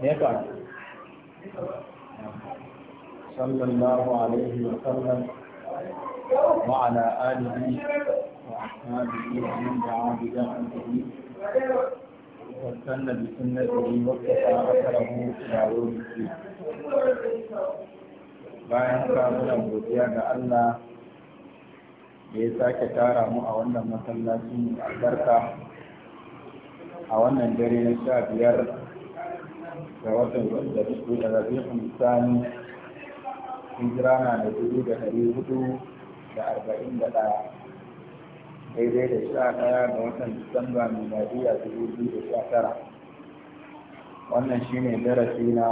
me ya faru sallallahu alaihi wa sallam wa ala alihi wa ashabihi wa man da'a bi da'watihi واستنى بسنته واقتفى اثره الى يوم ke. bayan kamunan godiya ga Allah da ya sake tara mu a wannan masallaci albarka a wannan dare na sha biyar ga watan da uku da rabi'un sani hijira na da dubu da dari hudu da arba'in da ɗaya daidai da sha ɗaya ga watan disamba miladiya dubu biyu da sha tara wannan ne darasi na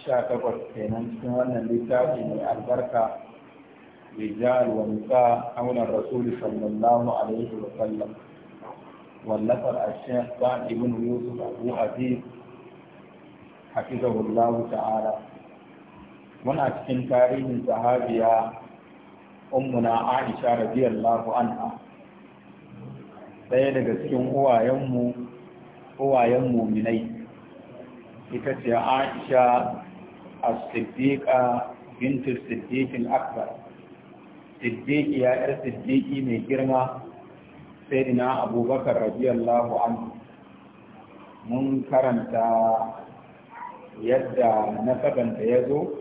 sha takwas kenan cikin wannan littafi mai albarka rijal wa nisa aunar rasuli sallallahu alaihi wa sallam والنفر الشيخ بعد بن يوسف أبو عزيز حفظه الله تعالى muna cikin tarihin sahabiya ummuna aisha radiyallahu anha ɗaya daga cikin uwayenmu uwayen muminai ita ce aisha a siddiqa bintu siddiqin akbar ya yar siddiqi mai girma sayyidina abubakar radiyallahu anhu mun karanta yadda nasabanta ya zo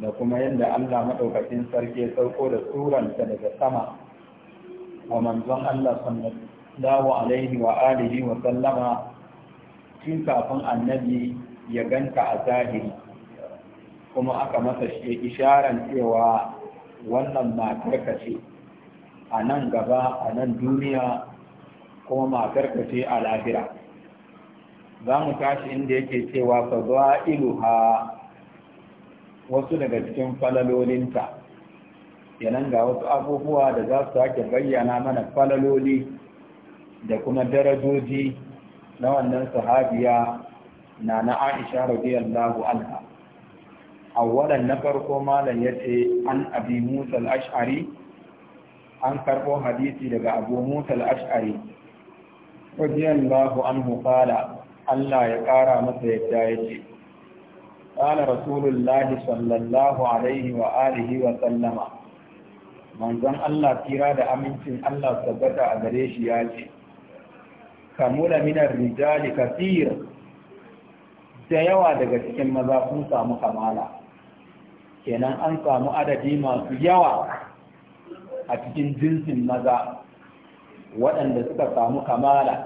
da kuma yadda Allah maɗaukacin sarki ya sauko da suranta daga sama wa manzon Allah sallallahu alaihi wa alihi wa sallama tun kafin annabi ya ganka a zahiri kuma aka masa isharan cewa wannan matarka ce a nan gaba a nan duniya kuma matar ka ce a lahira za mu tashi inda yake cewa fa zuwa iluha wasu daga cikin falalolinta kenan ga wasu abubuwa da za su sake bayyana mana falaloli da kuma darajoji na wannan sahabiya na na aisha radiyallahu anha a na farko malam ya ce an abi musa al-ash'ari an karɓo hadisi daga abu musa al'ash'ari radiyallahu anhu qala Allah ya ƙara masa yadda yake kana rasulullahi sallallahu alaihi wa alihi wa sallama manzon Allah kira da amincin Allah tabbata a gare shi ya ce kamula minar rijali kathir da yawa daga cikin maza sun samu kamala kenan an samu adadi masu yawa a cikin jinsin maza waɗanda suka samu kamala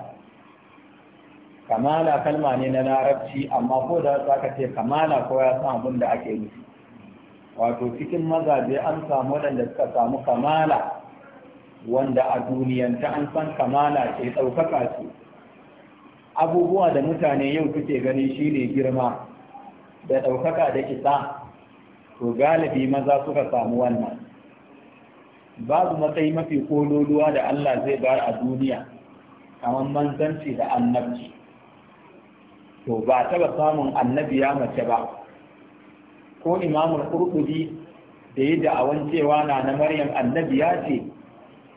kamala kalma ne na larabci amma ko da za ka ce kamala ko ya san abin da ake nufi wato cikin mazaje an samu waɗanda suka samu kamala wanda a duniyanta an san kamala ce ɗaukaka ce abubuwa da mutane yau kuke gani shi ne girma da ɗaukaka da isa to galibi maza suka samu wannan babu matsayi mafi kololuwa da Allah zai bayar a duniya kamar manzanci da annabci to ba taba samun annabi ya mace ba ko imamul qurtubi da da awan cewa na na maryam annabi ya ce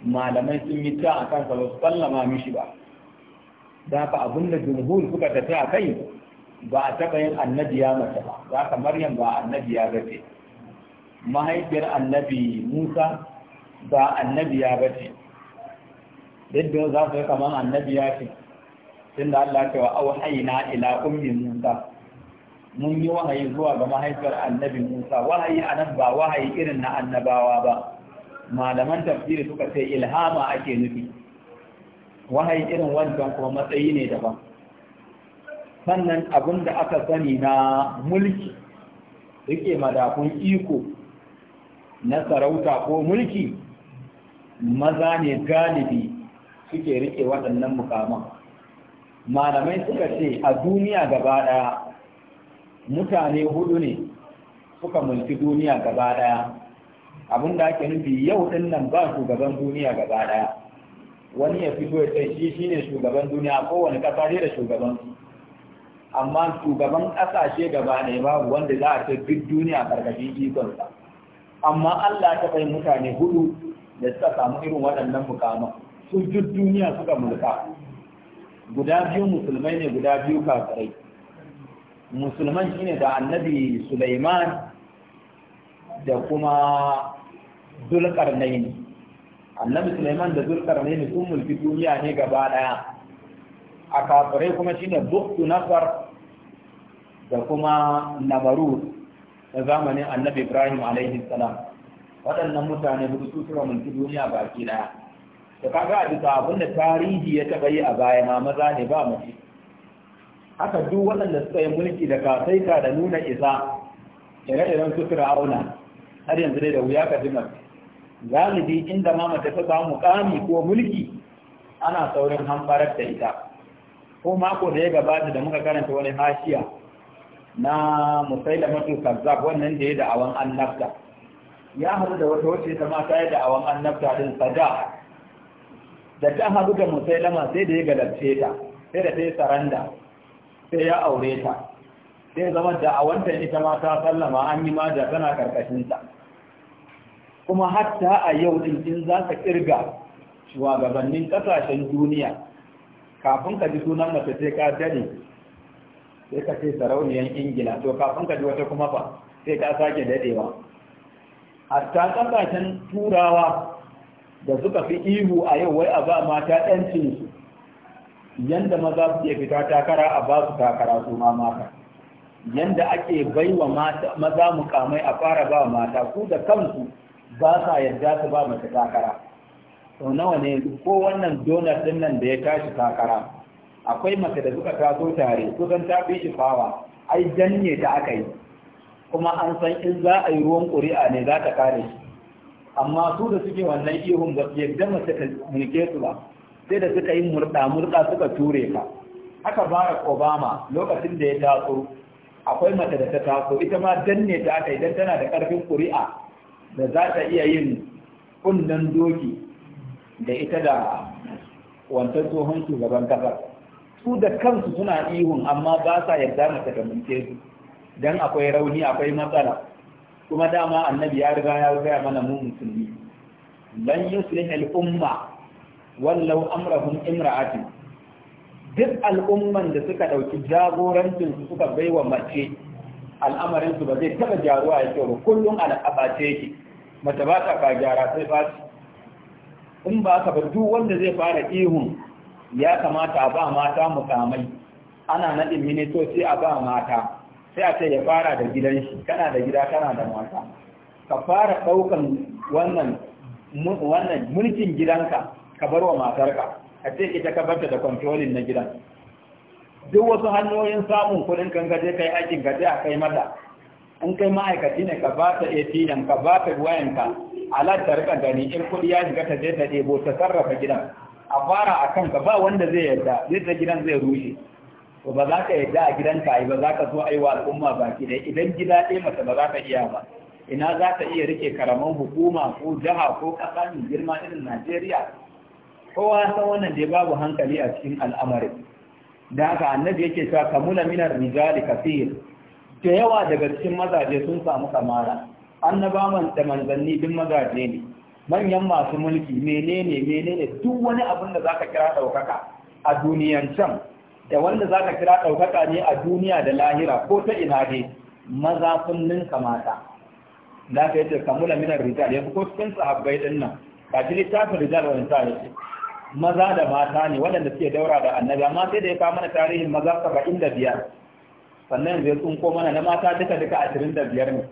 malamai sun yi ta a kansa ba su sallama mishi ba da ka da jumhur suka tafi a kai ba a taɓa yin annabi ya mace ba za ka maryam ba annabi ya gace mahaifiyar annabi musa ba annabiya ba ce yadda za su yi kamar annabiya ce tun da Allah cewa auhayna ila ummi Musa mun yi wahayi zuwa ga mahaifiyar annabi Musa wahayi a nan ba wahayi irin na annabawa ba malaman tafsiri suka ce ilhama ake nufi wahayi irin wancan kuma matsayi ne daban sannan abin da aka sani na mulki rike madafun iko na sarauta ko mulki maza ne galibi suke rike waɗannan mukaman malamai suka ce a duniya gaba ɗaya mutane hudu ne suka mulki duniya gaba ɗaya abin da ake nufi yau ɗin nan ba shugaban duniya gaba ɗaya wani ya fito ya ce shi shine shugaban duniya kowane ƙasa ne da shugaban amma shugaban ƙasashe gaba ne babu wanda za a ce duk duniya ƙarƙashin ikonsa amma Allah ta kai mutane hudu da suka samu irin waɗannan mukama. su duk duniya suka mulka guda biyu musulmai ne guda biyu kafirai musulman shine da annabi Sulaiman da kuma Zulkarnaini annabi Sulaiman da Zulkarnaini sun mulki duniya ne gaba ɗaya. a kafirai kuma shine Buktu Nafar da kuma namaru na zamanin annabi Ibrahim alaihi waɗannan mutane hudu su suka mulki duniya baki ɗaya Ya kaga a bisa abin da tarihi ya taɓa yi a baya ma maza ne ba mace haka duk waɗanda suka yi mulki da kasaita da nuna isa ire-iren su fir'auna har yanzu dai da wuya ka ji mace galibi inda ma mace ta samu mukami ko mulki ana saurin hambarar da ita ko mako da ya gabata da muka karanta wani hashiya na musailamatu kazzab wannan da ya da'awan annabta ya hadu da wata wacce ta mata ya da'awan annabta din sada da ta haɗu da musailama sai da ya galabce ta sai da ta yi saranda sai ya aure ta sai zama awanta, ita mata sallama an yi ma da tana karkashinta kuma hatta a yau din in za ka kirga shugabannin kasashen duniya kafin ka ji sunan mace sai ka dare sai ka ce sarauniyar ingila to kafin ka ji wata kuma fa sai ka sake dadewa hatta ƙasashen turawa da suka fi ihu a yau wai a ba mata su yanda maza su ke fita takara a ba su takara su ma mata yanda ake baiwa maza mukamai a fara ba mata ku da kansu ba sa yarda su ba mata takara to nawa ne ko wannan donar din nan da ya tashi takara akwai mace da suka taso tare kusan ta fi shi fawa ai janye ta aka yi kuma an san in za a yi ruwan ƙuri'a ne za ta kare shi amma su da suke wannan ihun ba su yadda mace ta mulke su ba sai da suka yi murɗa-murɗa suka ture ka haka bara obama lokacin da ya taso akwai mace da ta taso ita ma danne ta aka idan tana da ƙarfin ƙuri'a da za ta iya yin kunnen doki da ita da wancan tsohon shugaban kasar su da kansu suna ihun amma ba sa yarda mace ta mulke su dan akwai rauni akwai matsala kuma dama annabi ya riga ya gaya mana mu musulmi lan yuslih al umma wallau amrahum imra'ati duk al'umman da suka ɗauki jagorancin su suka baiwa mace al'amarin su ba zai taba jaruwa ya kyau ba kullum al'abace yake mace ba ta ka gyara sai ba in ba ka ba duk wanda zai fara ihun ya kamata a ba mata mukamai ana naɗin sai a ba mata sai a ce ya fara da gidan shi kana da gida kana da mata ka fara ɗaukan wannan wannan mulkin gidanka ka bar wa matarka a ce ita ka barta da controlling na gidan duk wasu hanyoyin samun kuɗin kan ka je kai aikin ka a kai mata in kai ma'aikaci ne ka ba ta ATM ka ba ta wayanka alat ta rika gani in kuɗi ya shiga ta je ta ɗebo ta sarrafa gidan a fara a ka. ba wanda zai yarda zai ta gidan zai rushe to ba za ka yi a gidanka ai ba za ka so ai wa al'umma baki da idan gida ɗaya mata ba za ka iya ba ina za ka iya rike karaman hukuma ko jiha ko ƙasa mai girma irin Najeriya kowa san wannan dai babu hankali a cikin al'amari da haka annabi yake cewa kamula minar rijali kafir da yawa daga cikin mazaje sun samu kamara man da manzanni duk mazaje ne manyan masu mulki menene menene duk wani abin da zaka kira daukaka a duniyan can da wanda za ka kira ɗaukaka ne a duniya da lahira ko ta ina dai maza sun ninka mata da ka kamu kamula minar rijal yanzu ko cikin sahabbai ɗin nan ba ji littafin rijal wani sa yace maza da mata ne waɗanda suke daura da annabi amma sai da ya kawo mana tarihin maza saba'in da biyar sannan yanzu ya tsunko mana na mata duka duka ashirin da biyar ne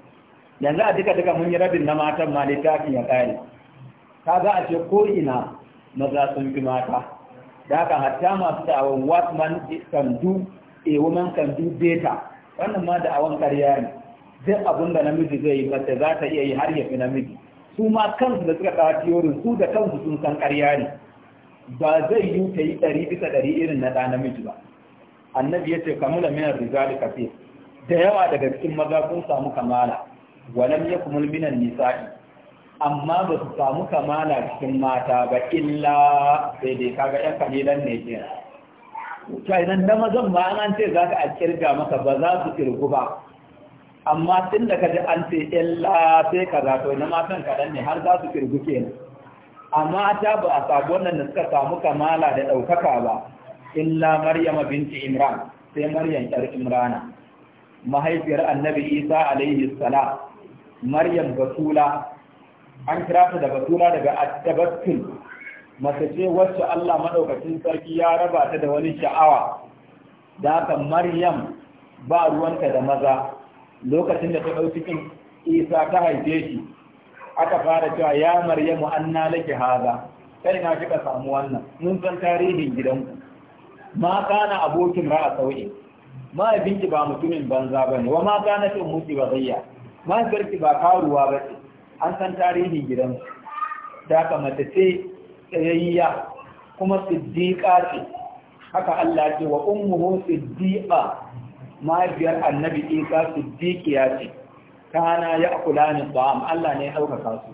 yanzu a duka duka mun yi rabin na matan ma littafin ya ƙare ka ga a ce ko ina maza sun fi mata da haka hatta masu da'awar what man can do a eh, woman can do data wannan ma da'awan karya ne duk abin da namiji zai yi mace za ta iya yi har ya fi namiji su ma kansu da suka kawo tiyorin su da kansu sun san karya ne ba zai yi ta yi ɗari bisa ɗari irin na ɗa namiji ba annabi ya ce kamula minar rijali kafe da yawa daga cikin maza sun samu kamala lam yakumul minan nisa'i amma ba su samu kamala cikin mata ba illa sai dai kaga ɗan kalilan ne ke Ta idan da mazan ma an ce za ka a kirga maka ba za su kirgu ba amma tun da ka ji an ce illa sai ka za to na matan kaɗan ne har za su kirgu kenan amma ta ba a sabu wannan da suka samu kamala da ɗaukaka ba illa maryama binti imran sai maryam ƴar imrana mahaifiyar annabi isa alaihi salam maryam batula an kira ta daga tuna daga attabattun mace ce wacce Allah madaukakin sarki ya raba ta da wani sha'awa da haka Maryam ba ruwanta da maza lokacin da ta ɗau cikin Isa ta haife shi aka fara cewa ya Maryamu anna laki haza kai na kika samu wannan mun san tarihin gidanku ma kana abokin ra'a sau'i ma binki ba mutumin banza bane wa ma kana ta muki ba zayya ma sarki ba karuwa bace an san tarihin gidansu da aka ce tsayayya kuma siddiƙa ce haka Allah ce wa ummuhu siddiqa mahaifiyar annabi isa siddiqiya ce kana ya kula ni ba'am Allah ne ya ɗaukaka su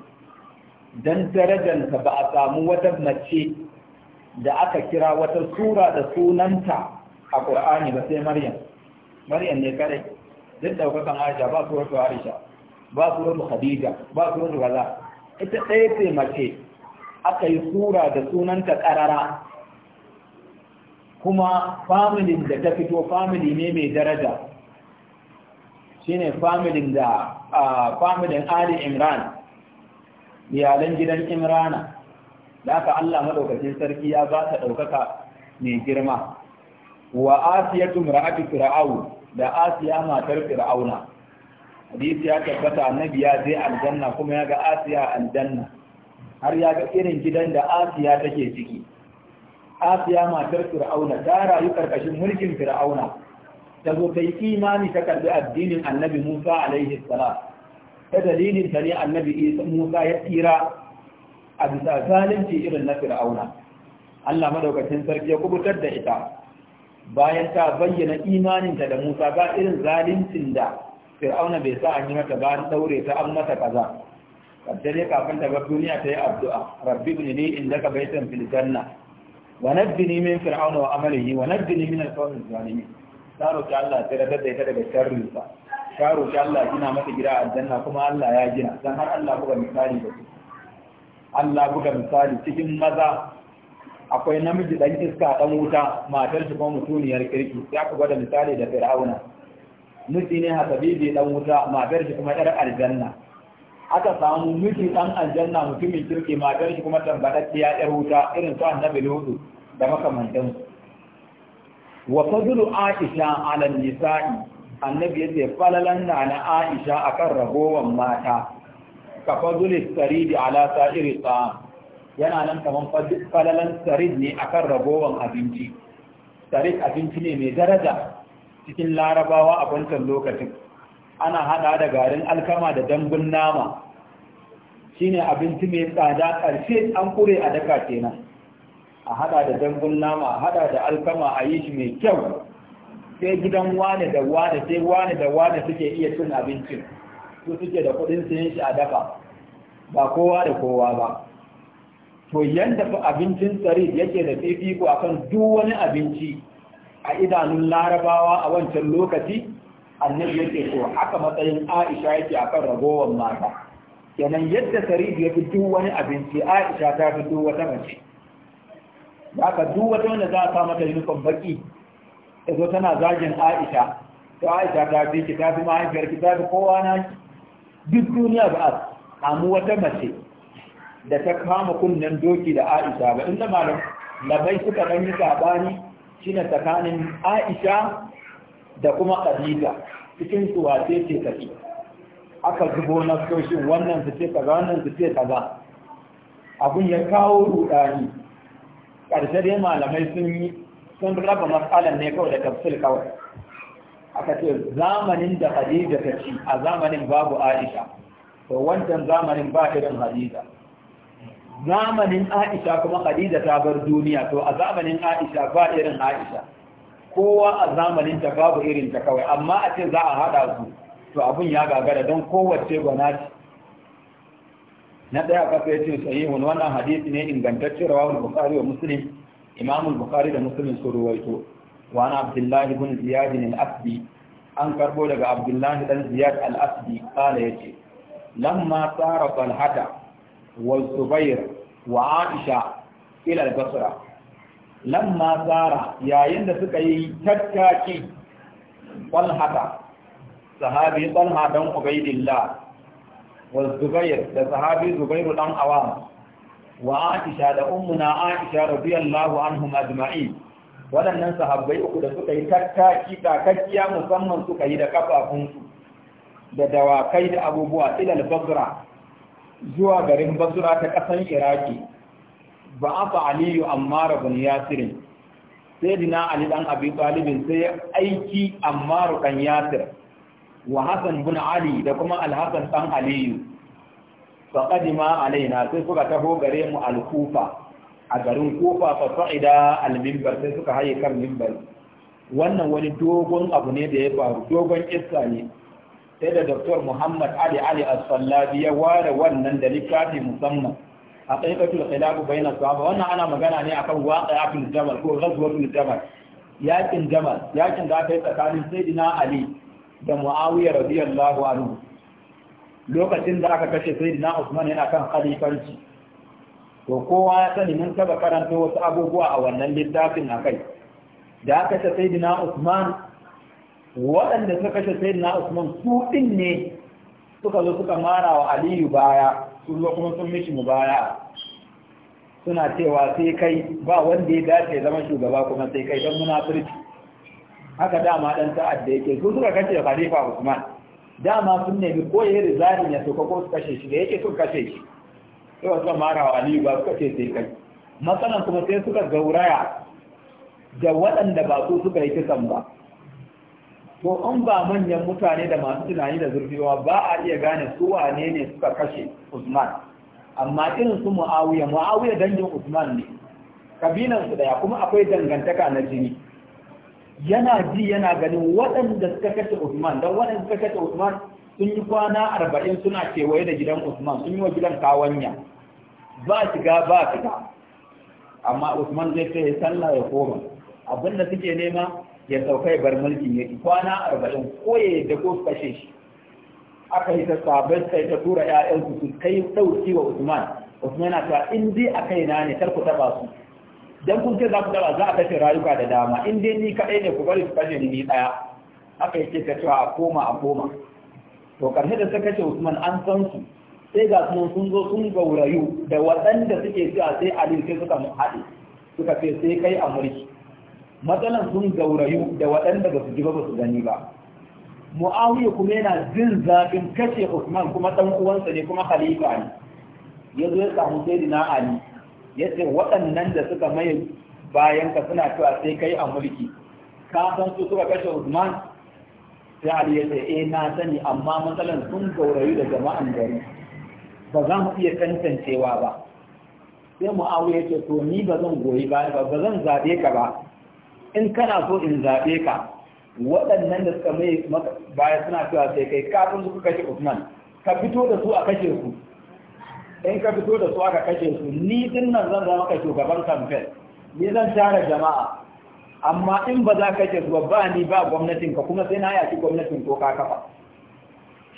dan darajanta ba a samu wata mace da aka kira wata sura da sunanta a Qur'ani ba sai Maryam Maryam ne kare duk ɗaukakan Aisha ba suratu Aisha ba su wani khadija ba su wani gaza ita ɗaya ce mace aka yi sura da sunanta ƙarara kuma familin da ta fito family ne mai daraja shine familin da a familin ali imran iyalan gidan imrana da aka allah maɗaukacin sarki ya ba ta ɗaukaka mai girma wa asiyatu mar'atu fir'aun da asiya matar fir'auna hadisi ya tabbata annabi ya je aljanna kuma ya ga asiya aljanna har ya ga irin gidan da asiya take ciki asiya matar fir'auna ta rayu karkashin mulkin fir'auna ta zo ta imani ta karbi addinin annabi musa alaihi salam ta dalilin ta ne annabi musa ya tsira a bisa zalunci irin na fir'auna allah madaukakin sarki ya kubutar da ita bayan ta bayyana imaninta da musa ga irin zaluncin da fir'auna bai sa an yi mata ba an daure ta an mata kaza kadda dai kafin ta ga duniya ta yi addu'a rabbi ibn li indaka baitan fil janna wa nabbini min fir'auna wa amalihi wa nabbini min al-qawmi zalimin ta roki Allah ta radar da ita daga sharrin sa ta Allah gina mata gida a janna kuma Allah ya gina dan har Allah buga misali da su Allah buga misali cikin maza akwai namiji dan iska dan wuta matar shi kuma mutuniyar kirki sai aka gwada misali da fir'auna nufi ne bibi dan wuta matar shi kuma yar aljanna aka samu nufi dan aljanna mutumin kirki matar shi kuma tambadacciya yar wuta irin su annabi lutu da makamantan wa fadlu aisha ala nisa'i annabi yace falalan na na aisha akan ragowan mata ka fadlu saridi ala sa'iri ta yana nan kaman falalan sarid ne akan ragowan abinci sarid abinci ne mai daraja cikin larabawa a kwantar lokacin ana hada da garin alkama da dambun nama Shi ne abinci mai tsada ƙarshe an kure a daka kenan a hada da dambun nama a hada da alkama a yi shi mai kyau sai gidan wane da wane sai wane da wane suke iya cin abincin su suke da kuɗin yin shi a dafa ba kowa da kowa ba to yanda abincin tsari yake da fifiko akan duk wani abinci a idanun larabawa a wancan lokaci annabi yake ko haka matsayin aisha yake akan ragowar mata kenan yadda saridu ya fito wani abinci aisha ta fito wata mace haka duk wata wanda za a sa mata yunifon baki ta zo tana zagin aisha to aisha ta fi ki ta fi mahaifiyar ki ta fi kowa na duk duniya ba a samu wata mace da ta kama kunnen doki da aisha ba inda malam labai suka ɗan yi saɓani shine tsakanin Aisha da kuma Khadija cikin su wace ce take aka zubo na soshin wannan su ce kaza wannan su ce kaza abun ya kawo rudani karshe dai malamai sun yi sun raba matsalar ne kawai da tafsir kawai aka ce zamanin da Khadija ta ci a zamanin babu Aisha to wancan zamanin ba irin Khadija zamanin Aisha kuma Khadija ta bar duniya to a zamanin Aisha ba irin Aisha kowa a zamanin ta babu irin ta kawai amma a ce za a hada su to abun ya gagara don kowace gwanati na daya kafa yace sahihun wannan hadisi ne ingantacce rawahu bukhari wa Muslim Imam bukhari da Muslim su ruwaito wa ana Abdullah ibn Ziyad ibn Asbi an karbo daga Abdullah dan Ziyad al asbi kana yace lamma al-hada والزبير وعائشة إلى البصرة لما سار يا يند سكي تكاكي طلحة صحابي طلحة بن عبيد الله والزبير ده صحابي زبير بن عوام وعائشة ده أمنا عائشة رضي الله عنهم أجمعين waɗannan sahabbai uku da suka yi tattaki takakkiya musamman suka yi da kafafunsu da dawakai da abubuwa ilal basra zuwa garin basura ta ƙasar iraki ba a fa aliyu amma rabin yasirin sai dina ali dan abi talibin sai aiki amma dan yasir wa hasan bin ali da kuma alhasan dan aliyu fa qadima alaina sai suka taho gare mu al-kufa a garin kufa fa sa'ida al-minbar sai suka haye kan minbar wannan wani dogon abu ne da ya faru dogon iska ne sai da Dr. Muhammad Ali Ali as ya ware wannan da littafi musamman a tsaikatul khilafu bayna sahaba wannan ana magana ne akan waqi'atul jamal ko ghazwatul jamal yakin jamal yakin da kai tsakanin sayyidina Ali da Muawiya radiyallahu anhu lokacin da aka kashe sayyidina Usman yana kan khalifanci to kowa ya sani mun taba karanta wasu abubuwa a wannan littafin akai da aka kashe sayyidina Usman waɗanda suka kashe sayyidina Usman su din ne suka zo suka mara wa Aliyu baya su zo kuma sun mishi baya, suna cewa sai kai ba wanda ya dace zama shugaba kuma sai kai don munafurci haka dama dan ta'adda yake su suka kashe Khalifa Usman dama sun nemi ko ya rizalin ya suka ko su kashe shi da yake sun kashe shi sai wasu mara wa Aliyu ba suka ce sai kai matsalan kuma sai suka gauraya da waɗanda ba su suka yi kisan ba to in ba manyan mutane da masu tunani da zurfiwa ba a iya gane su wane ne suka kashe Usman amma irin su Muawiya Muawiya dangin Usman ne kabilan su daya kuma akwai dangantaka na jini yana ji yana ganin waɗanda suka kashe Usman dan waɗanda suka kashe Usman sun yi kwana arba'in suna kewaye da gidan Usman sun yi wa gidan kawanya ba shiga ba fita amma Usman zai ce sallah ya koma abinda suke nema ya sauka bar mulkin ya kwana arba'in ko ya yadda ko su kashe shi aka yi ta sabon sai ta tura ƴaƴansu su kai ɗauki wa Usman Usman na cewa in dai a kaina ne kar ku taɓa su dan kun ce za ku taɓa za a kashe rayuka da dama in dai ni kaɗai ne ku bari su kashe ni ni ɗaya aka yi ta cewa a koma a koma to karshe da ta kashe Usman an san su sai ga sunan sun zo sun gaurayu da waɗanda suke cewa sai Ali sai suka haɗe suka ce sai kai a mulki matsalan sun gaurayu da waɗanda ba su ji ba su gani ba mu'awiya kuma yana jin zafin kashe usman kuma ɗan uwansa ne kuma khalifa ne ya zo ya samu na ali ya ce waɗannan da suka maye bayan ka suna cewa sai kai a mulki ka san su suka kashe usman sai ali ya ce eh na sani amma matsalan sun gaurayu da jama'an gari ba za mu iya tantancewa ba sai mu'awiya ya ce to ni ba zan goyi ba ba zan zabe ka ba in kana so in zaɓe ka waɗannan da suka mai baya suna cewa sai kai kafin su kashe Usman ka fito da su a kashe su in ka fito da su aka kashe su ni din nan zan zama ka shugaban kamfen ni zan tara jama'a amma in ba za ka kashe su ba ni ba gwamnatin ka kuma sai na yaki gwamnatin ko ka kafa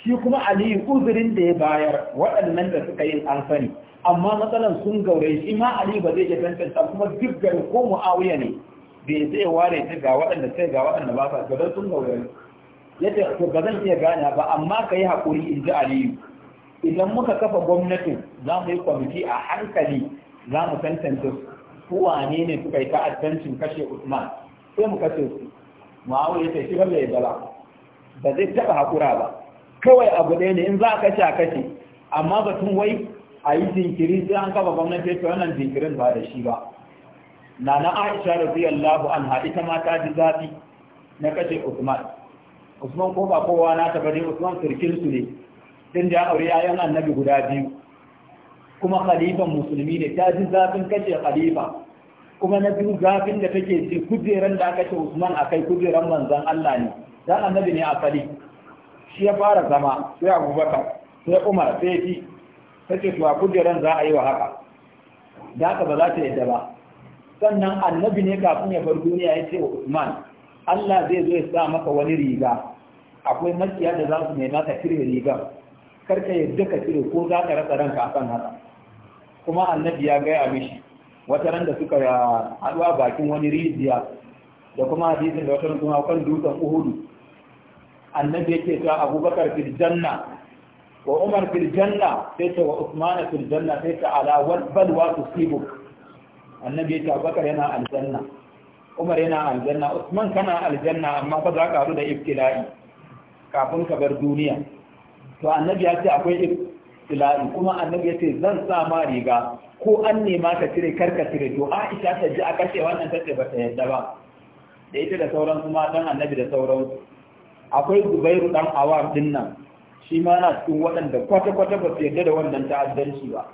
shi kuma aliyu uzurin da ya bayar waɗannan da suka yi an sani amma matsalan sun gaure shi ma aliyu ba zai je tantan kuma duk gari ko mu'awiya ne bai sai ware ta ga waɗanda sai ga waɗanda ba sa gaban sun gaurari ya ce to ba zan iya gane ba amma ka yi haƙuri in ji aliyu idan muka kafa gwamnatin za mu yi kwamiti a hankali za mu tantance wane ne suka yi ta'addancin kashe usman sai mu kashe su ma'awu ya ce shi bai bala ba zai taɓa haƙura ba kawai abu ɗaya ne in za a kashe a kashe amma batun wai a yi jinkiri sai an kafa gwamnati ta wannan jinkirin ba da shi ba nana Aisha radiyallahu anha ita ma ta ji zafi na kashe Usman Usman ko ba kowa na ta bari Usman sirkin su ne din da aure yayan annabi guda biyu kuma khalifan musulmi ne ta ji zafin kashe khalifa kuma na biyu zafin da take ji kujeran da aka ce Usman akai kujeran manzon Allah ne dan annabi ne asali shi ya fara zama sai Abubakar sai Umar sai ji take to kujeran za a yi wa haka da ba za ta yadda ba sannan annabi ne kafin ya bar duniya ya ce wa Usman Allah zai zo ya sa maka wani riga akwai maciya da za su nema ka cire rigar kar ka yadda ka cire ko za ka rasa ranka kan haka kuma annabi ya gaya mishi wata ran da suka ah, haɗuwa bakin wani rijiya da kuma hadisin da wata kuma kan dutsen uhudu annabi yake cewa abubakar fil janna wa umar fil janna sai ta wa usmana fil janna sai ta ala wal balwa tusibu annabi ya ce abubakar yana aljanna umar yana aljanna usman kana aljanna amma fa za ka da ibtila'i kafin ka bar duniya to annabi ya ce akwai ibtila'i kuma annabi ya ce zan sa ma riga ko an nema ka cire kar ka cire to aisha ta ji a kashe wannan tace ba ta yadda ba da ita da sauran kuma dan annabi da sauran akwai zubairu dan awam din nan shi ma na cikin waɗanda kwata-kwata ba su yadda da wannan ta'addanci ba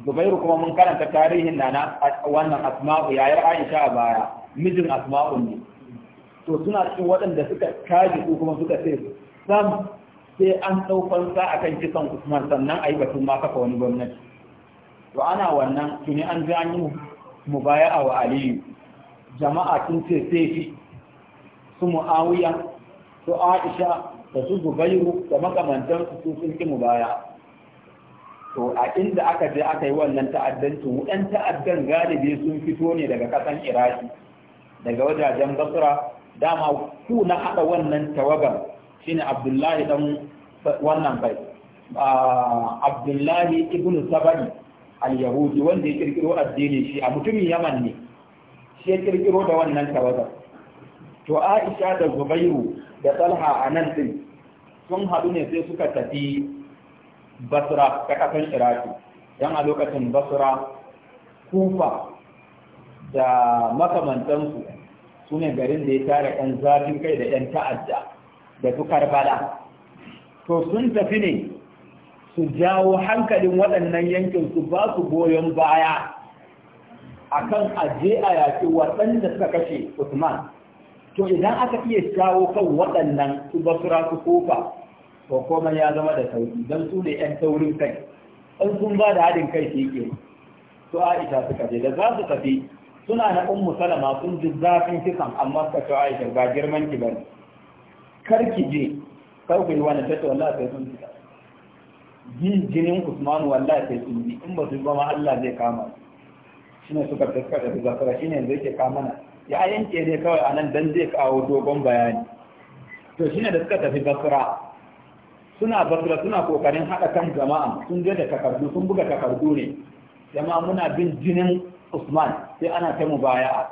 zubairu kuma mun karanta tarihin na wannan asma'u yayar aisha a baya mijin asma'u ne to suna cikin waɗanda suka kaji ko kuma suka ce sam sai an ɗaukan sa akan kisan usman sannan a yi batun ma kafa wani gwamnati to ana wannan tuni an ji an yi mubaya'a wa aliyu jama'a sun ce sai shi su mu'awiya su aisha da su zubairu da makamantansu su sun mu mubaya'a to a inda aka je aka yi wannan ta'addancin yan ta'addan galibi sun fito ne daga kasan iraki daga wajajen basura dama ku na haɗa wannan tawagar shine abdullahi dan wannan bai abdullahi Ibn sabani al-yahudi wanda ya kirkiro addini shi a mutumin yaman ne shi ya kirkiro da wannan tawagar to aisha da zubairu da talha a nan din sun haɗu ne sai suka tafi basra ta kasan iraki don a lokacin basra kufa da makamantansu su ne garin da ya tare 'yan zafin kai da 'yan ta'adda da su bala to sun tafi ne su jawo hankalin waɗannan yankin su ba su goyon baya akan aje a yaƙi waɗanda suka kashe Usman to idan aka iya shawo kan waɗannan su basura su kofa ko kuma ya zama da sauki don su ne ‘yan taurin kai in sun ba da haɗin kai shi ke su aisha suka je da za su tafi suna na ummu salama sun ji zafin kisan amma suka ce aisha ba girman ki bane kar ki je kar ku yi wani tace wallahi sai sun fita ji jinin usman wallahi sai sun ji in ba su ba ma Allah zai kama ne suka tafi da zafara shine yanzu ke kama na ya yanke ne kawai anan dan zai kawo dogon bayani to ne da suka tafi zafara suna basura suna kokarin haɗa kan jama'a sun je da takardu sun buga takardu ne jama'a muna bin jinin usman sai ana ta mu baya.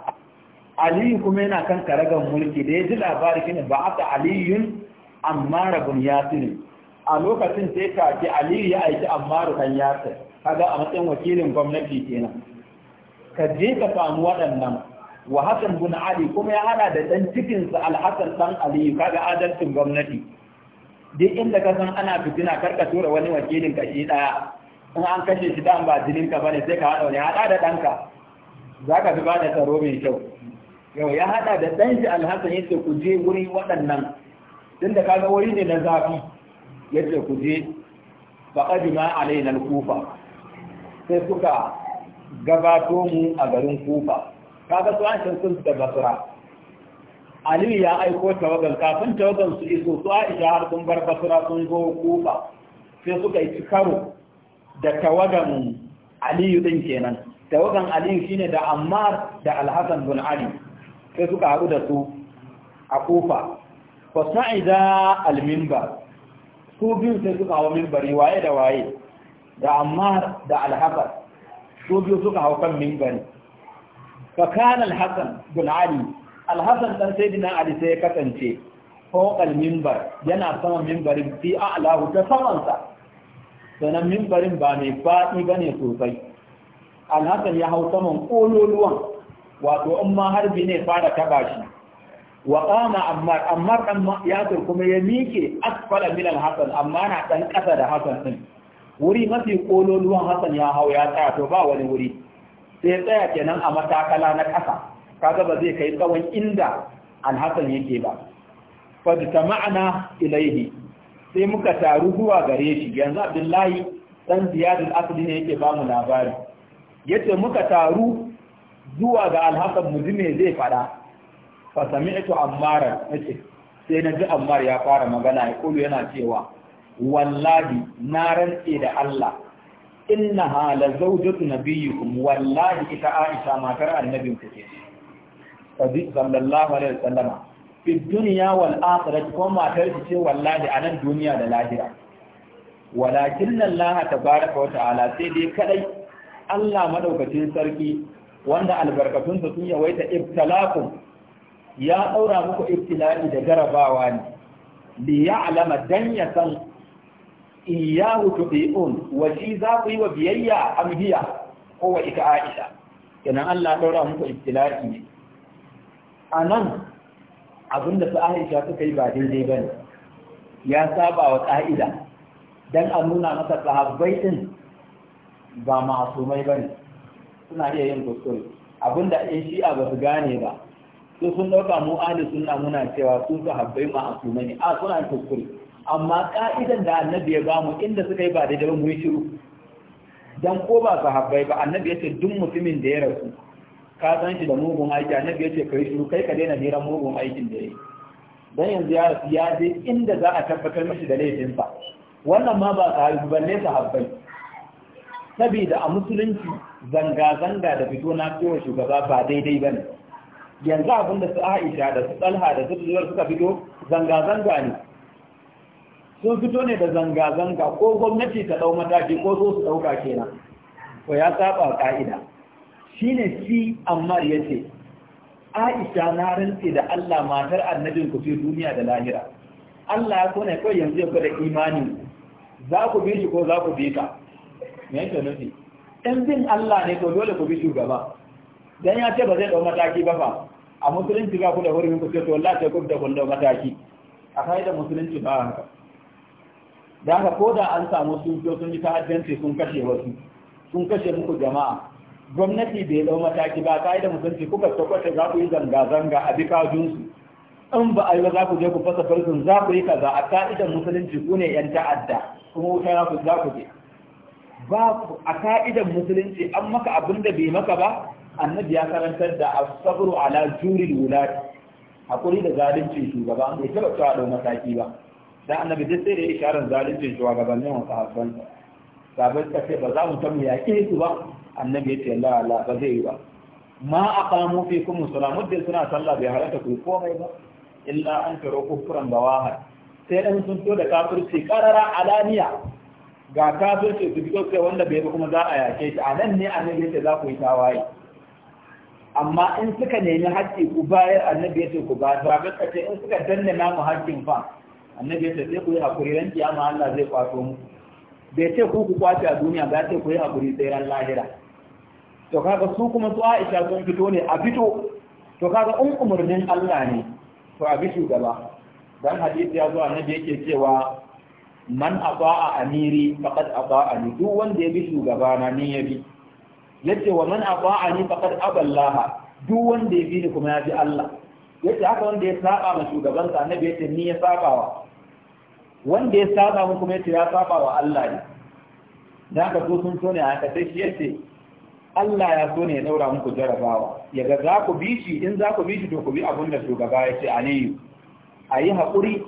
aliyu kuma yana kan karagan mulki da ya ji labari shine ba aka aliyun amma rabin ne. a lokacin sai ce aliyu ya aiki amma rukan yasir kaga a matsayin wakilin gwamnati kenan ka je ka samu waɗannan wa hasan bin ali kuma ya hada da dan cikinsa alhassan dan aliyu kaga adalcin gwamnati duk inda ka san ana fitina kar ka tura wani wakilin ka shi ɗaya, in an kashe shi dan ba jinin ka bane sai ka hada wani hada da danka zaka fi bada tsaro mai kyau yau ya haɗa da dan shi alhassan yace ku je wurin waɗannan tunda kaga wuri ne na zafi yace ku je faqad alaina al-kufa sai suka gabato mu a garin kufa kaga su an sun da basra aliyu ya aiko tawagan kafin tawagan su iso su aisha har sun bar basura sun zo kufa sai suka yi karo da tawagan aliyu din kenan tawagan aliyu shine da ammar da alhassan bin ali sai suka haɗu da su a kufa fa sa'ida al-minbar su biyu sai suka hawa mimbari waye da waye da ammar da alhassan su biyu suka hau kan mimbari fa kana alhassan bin ali alhassan dan dina ali sai ya kasance fokal mimbar yana saman mimbarin fi a'lahu ta samansa sanan mimbarin ba mai faɗi ne sosai alhassan ya hau saman ƙololuwan. wato in ma harbi ne fara taɓa shi wa qama ammar ammar dan yasir kuma ya miƙe asfala milan Hassan, amma na ɗan ƙasa da Hassan ɗin wuri mafi ƙololuwan Hassan ya hau ya tsaya to ba wani wuri sai tsaya kenan a matakala na ƙasa. kaga ba zai kai tsawon inda alhassan yake ba fadta ma'ana ilaihi sai muka taru zuwa gare shi yanzu abdullahi dan ziyadul asli ne yake bamu labari yace muka taru zuwa ga alhassan mujime zai fada fa sami'tu ammar yace sai na ji ammar ya fara magana ya kulu yana cewa wallahi na rantse da Allah innaha la zawjatu nabiyyikum wallahi ita Aisha matar annabinku ce sallallahu alaihi wasallam fi dunya wal akhirah ko matar shi ce wallahi a nan duniya da lahira walakin Allah tabaraka wa ta'ala sai dai kadai Allah madaukakin sarki wanda albarkatun sun yawaita ibtalakum ya daura muku ibtila'i da garabawa ne li ya'lama dan ya san iyahu tubi'un wa shi za ku yi wa biyayya biya ko wa ita Aisha kenan Allah daura muku ibtila'i ne a nan abin da su aisha suka yi ba daidai ba ne ya saba wa ƙa'ida don a nuna masa sahabbai ɗin ba mai ba ne suna iya yin kuskure abin da ɗin shi'a ba su gane ba su sun ɗauka mu ahli suna muna cewa su sahabbai mai ne a suna kuskure amma ƙa'idan da annabi ya mu inda suka yi ba daidai ba mu yi shiru Don ko ba sahabbai ba annabi ya ce duk mutumin da ya rasu ka san shi da mugun aiki annabi yace kai shiru kai ka daina hira mugun aikin da yake dan yanzu ya ya je inda za a tabbatar mishi da laifin sa wannan ma ba sahabi balle habbai saboda a musulunci zanga zanga da fito na cewa shugaba ba daidai bane yanzu abin da su Aisha da su Talha da su Zubair suka fito zanga zanga ne sun fito ne da zanga zanga ko gwamnati ta dau mataki ko so su dauka kenan ko ya saba ka'ida Shi ne fi ammar ya ce, Aisha na rantse da Allah matar annabin ku fi duniya da lahira Allah ya kone kawai yanzu ya da imani za ku bi shi ko za ku bi ka me yake nufi dan bin Allah ne to dole ku bi shugaba dan ya ce ba zai ɗau mataki ba fa a musulunci ba ku da wurin ku ce to Allah ce ku da kun dau mataki a kai da musulunci ba haka da haka ko da an samu sun sun yi ta'addanci sun kashe wasu sun kashe muku jama'a gwamnati bai dau mataki ba ta yi da musulunci kuka tabbata za ku yi zanga-zanga a bi kajinsu in ba a yi ba za ku je ku fasa farkon za ku yi kaza a ka'idan musulunci ku ne yan ta'adda kuma wuta za ku za ku je ba ku a ka'idan musulunci an maka abin da bai maka ba annabi ya karantar da asabru ala juril wulat hakuri da zalunci shugaba bai taba cewa dau mataki ba dan annabi duk sai da ya isharar zalunci shugabannin wasu sahabbansa sahabbai suka ce ba za mu san mu yaƙe su ba annabi ya ce la la ba zai yi ba ma aqamu fikum musalla muddin suna sallah bai halatta ku komai ba illa an taro kufran bawaha sai dan sun to da kafirci qarara alaniya ga kafirci su fito kai wanda bai kuma za a yake shi a nan ne annabi ya ce za ku yi tawaye amma in suka nemi haƙƙi ku bayar annabi ya ce ku ba ta ce in suka danna namu haƙƙin fa annabi ya ce sai ku yi hakuri ran kiyama Allah zai kwato mu bai ce ku ku kwace a duniya ba sai ku yi hakuri sai ran lahira to kaga su kuma su Aisha sun fito ne a fito to kaga in umurnin Allah ne to a bi shugaba dan hadisi ya zo annabi yake cewa man ata'a amiri faqad ni duk wanda ya bi gaba na ni ya bi yace wa man ni faqad aballaha duk wanda ya bi ni kuma ya bi Allah yace haka wanda ya saba ma shugaban sa annabi yace ni ya sabawa wanda ya saba mu kuma yace ya sabawa wa Allah ne dan haka so sun so ne haka sai shi yace Allah ya so ne ya daura muku jarabawa yaga za ku bi shi in za ku bi shi to ku bi abin da shugaba ya ce aliyu a yi haƙuri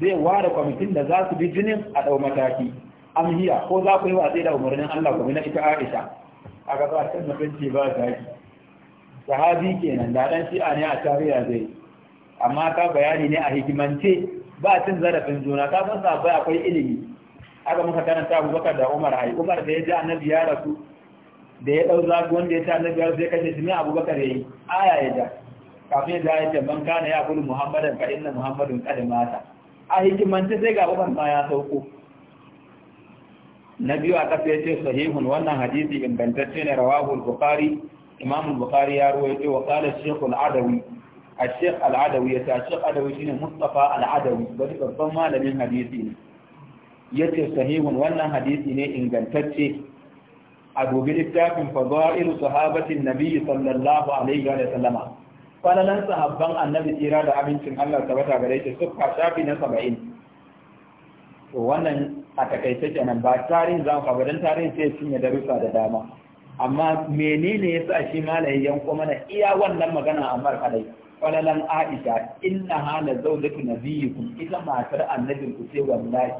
zai ware kwamitin da za su bi jinin a ɗau mataki amhiya ko za ku yi watsi da umarnin Allah ku bi na ita Aisha a gaba can na fenti ba zaki sahabi kenan da ɗan shi'a ne a tariya zai amma ka bayani ne a hikimance ba cin zarafin juna ka san sabai akwai ilimi aka muka karanta Abubakar da Umar ai Umar da ya ji annabi ya rasu da ya ɗau zafi wanda ya tana biyar sai kashe shi ne bakar ya yi aya ya ja kafin da ya ce ban kana ya kulu muhammadan ka inna muhammadun kada mata a hikimance sai ga baban ma ya sauko na biyu a kasa ya ce sahihun wannan hadisi ingantacce ne rawahu bukhari imam bukhari ya ruwa ce wa qala a al-adawi ya العدوي يتا adawi العدوي شنو مصطفى al'adawi wani babban malamin hadisi ne ce sahihun wannan hadisi ne ingantacce a dubi littafin fada'ilu sahabatin nabiyyi sallallahu alaihi wa sallama falalan sahabban annabi tsira da Amincin Allah tabbata gare shi suka shafi na 70 to wannan a takaice kenan ba tarin zan fa dan tarihin sai cinye darussa da dama amma menene yasa shi malai yanko mana iya wannan magana Ammar kadai falalan Aisha inna hala zawjatu nabiyyikum ita matar annabinku sai wallahi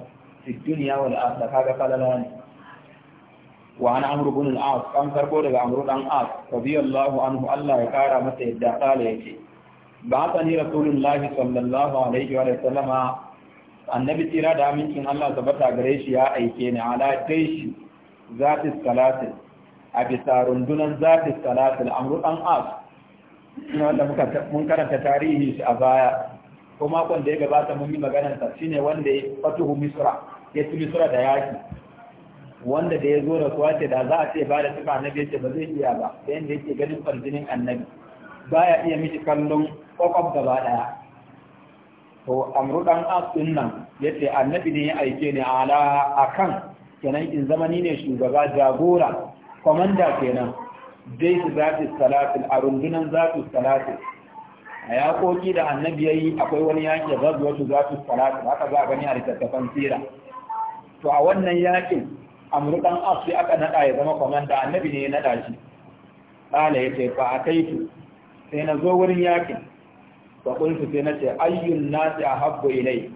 fi dunya wal akhirah kaga falalan وعن عمرو بن العاص كان كربو دغ عمرو بن العاص رضي الله عنه الله يقارا متى يدا قال يكي بعثني رسول الله صلى الله عليه وسلم annabi tsira da amincin Allah tabbata gare shi ya aike ni ala shi zatis salatin a bisa rundunar zatis salatin amru dan as muka mun karanta tarihi shi a baya ko makon da ya gabata mun yi magana sa shine wanda ya fatuhu misra ya misra da yaki wanda da ya zo da su wace da za a ce ba da sifa annabi yace ba zai iya ba da yanda yake ganin farjinin annabi baya iya mishi kallon da gaba daya to amru dan as din nan yace annabi ne ya aike ni ala akan kenan in zamani ne shugaba jagora Kwamanda kenan dai su zati salatul arundunan su salatu. a yakoki da annabi yayi akwai wani yaki za su salatu, haka za a gani a littattafan sira to a wannan yakin amru dan sai aka nada ya zama komanda annabi ne ya nada shi qala yace fa ataitu sai na zo wurin yakin fa qultu sai na ce ayyun nasi ahabbu ilai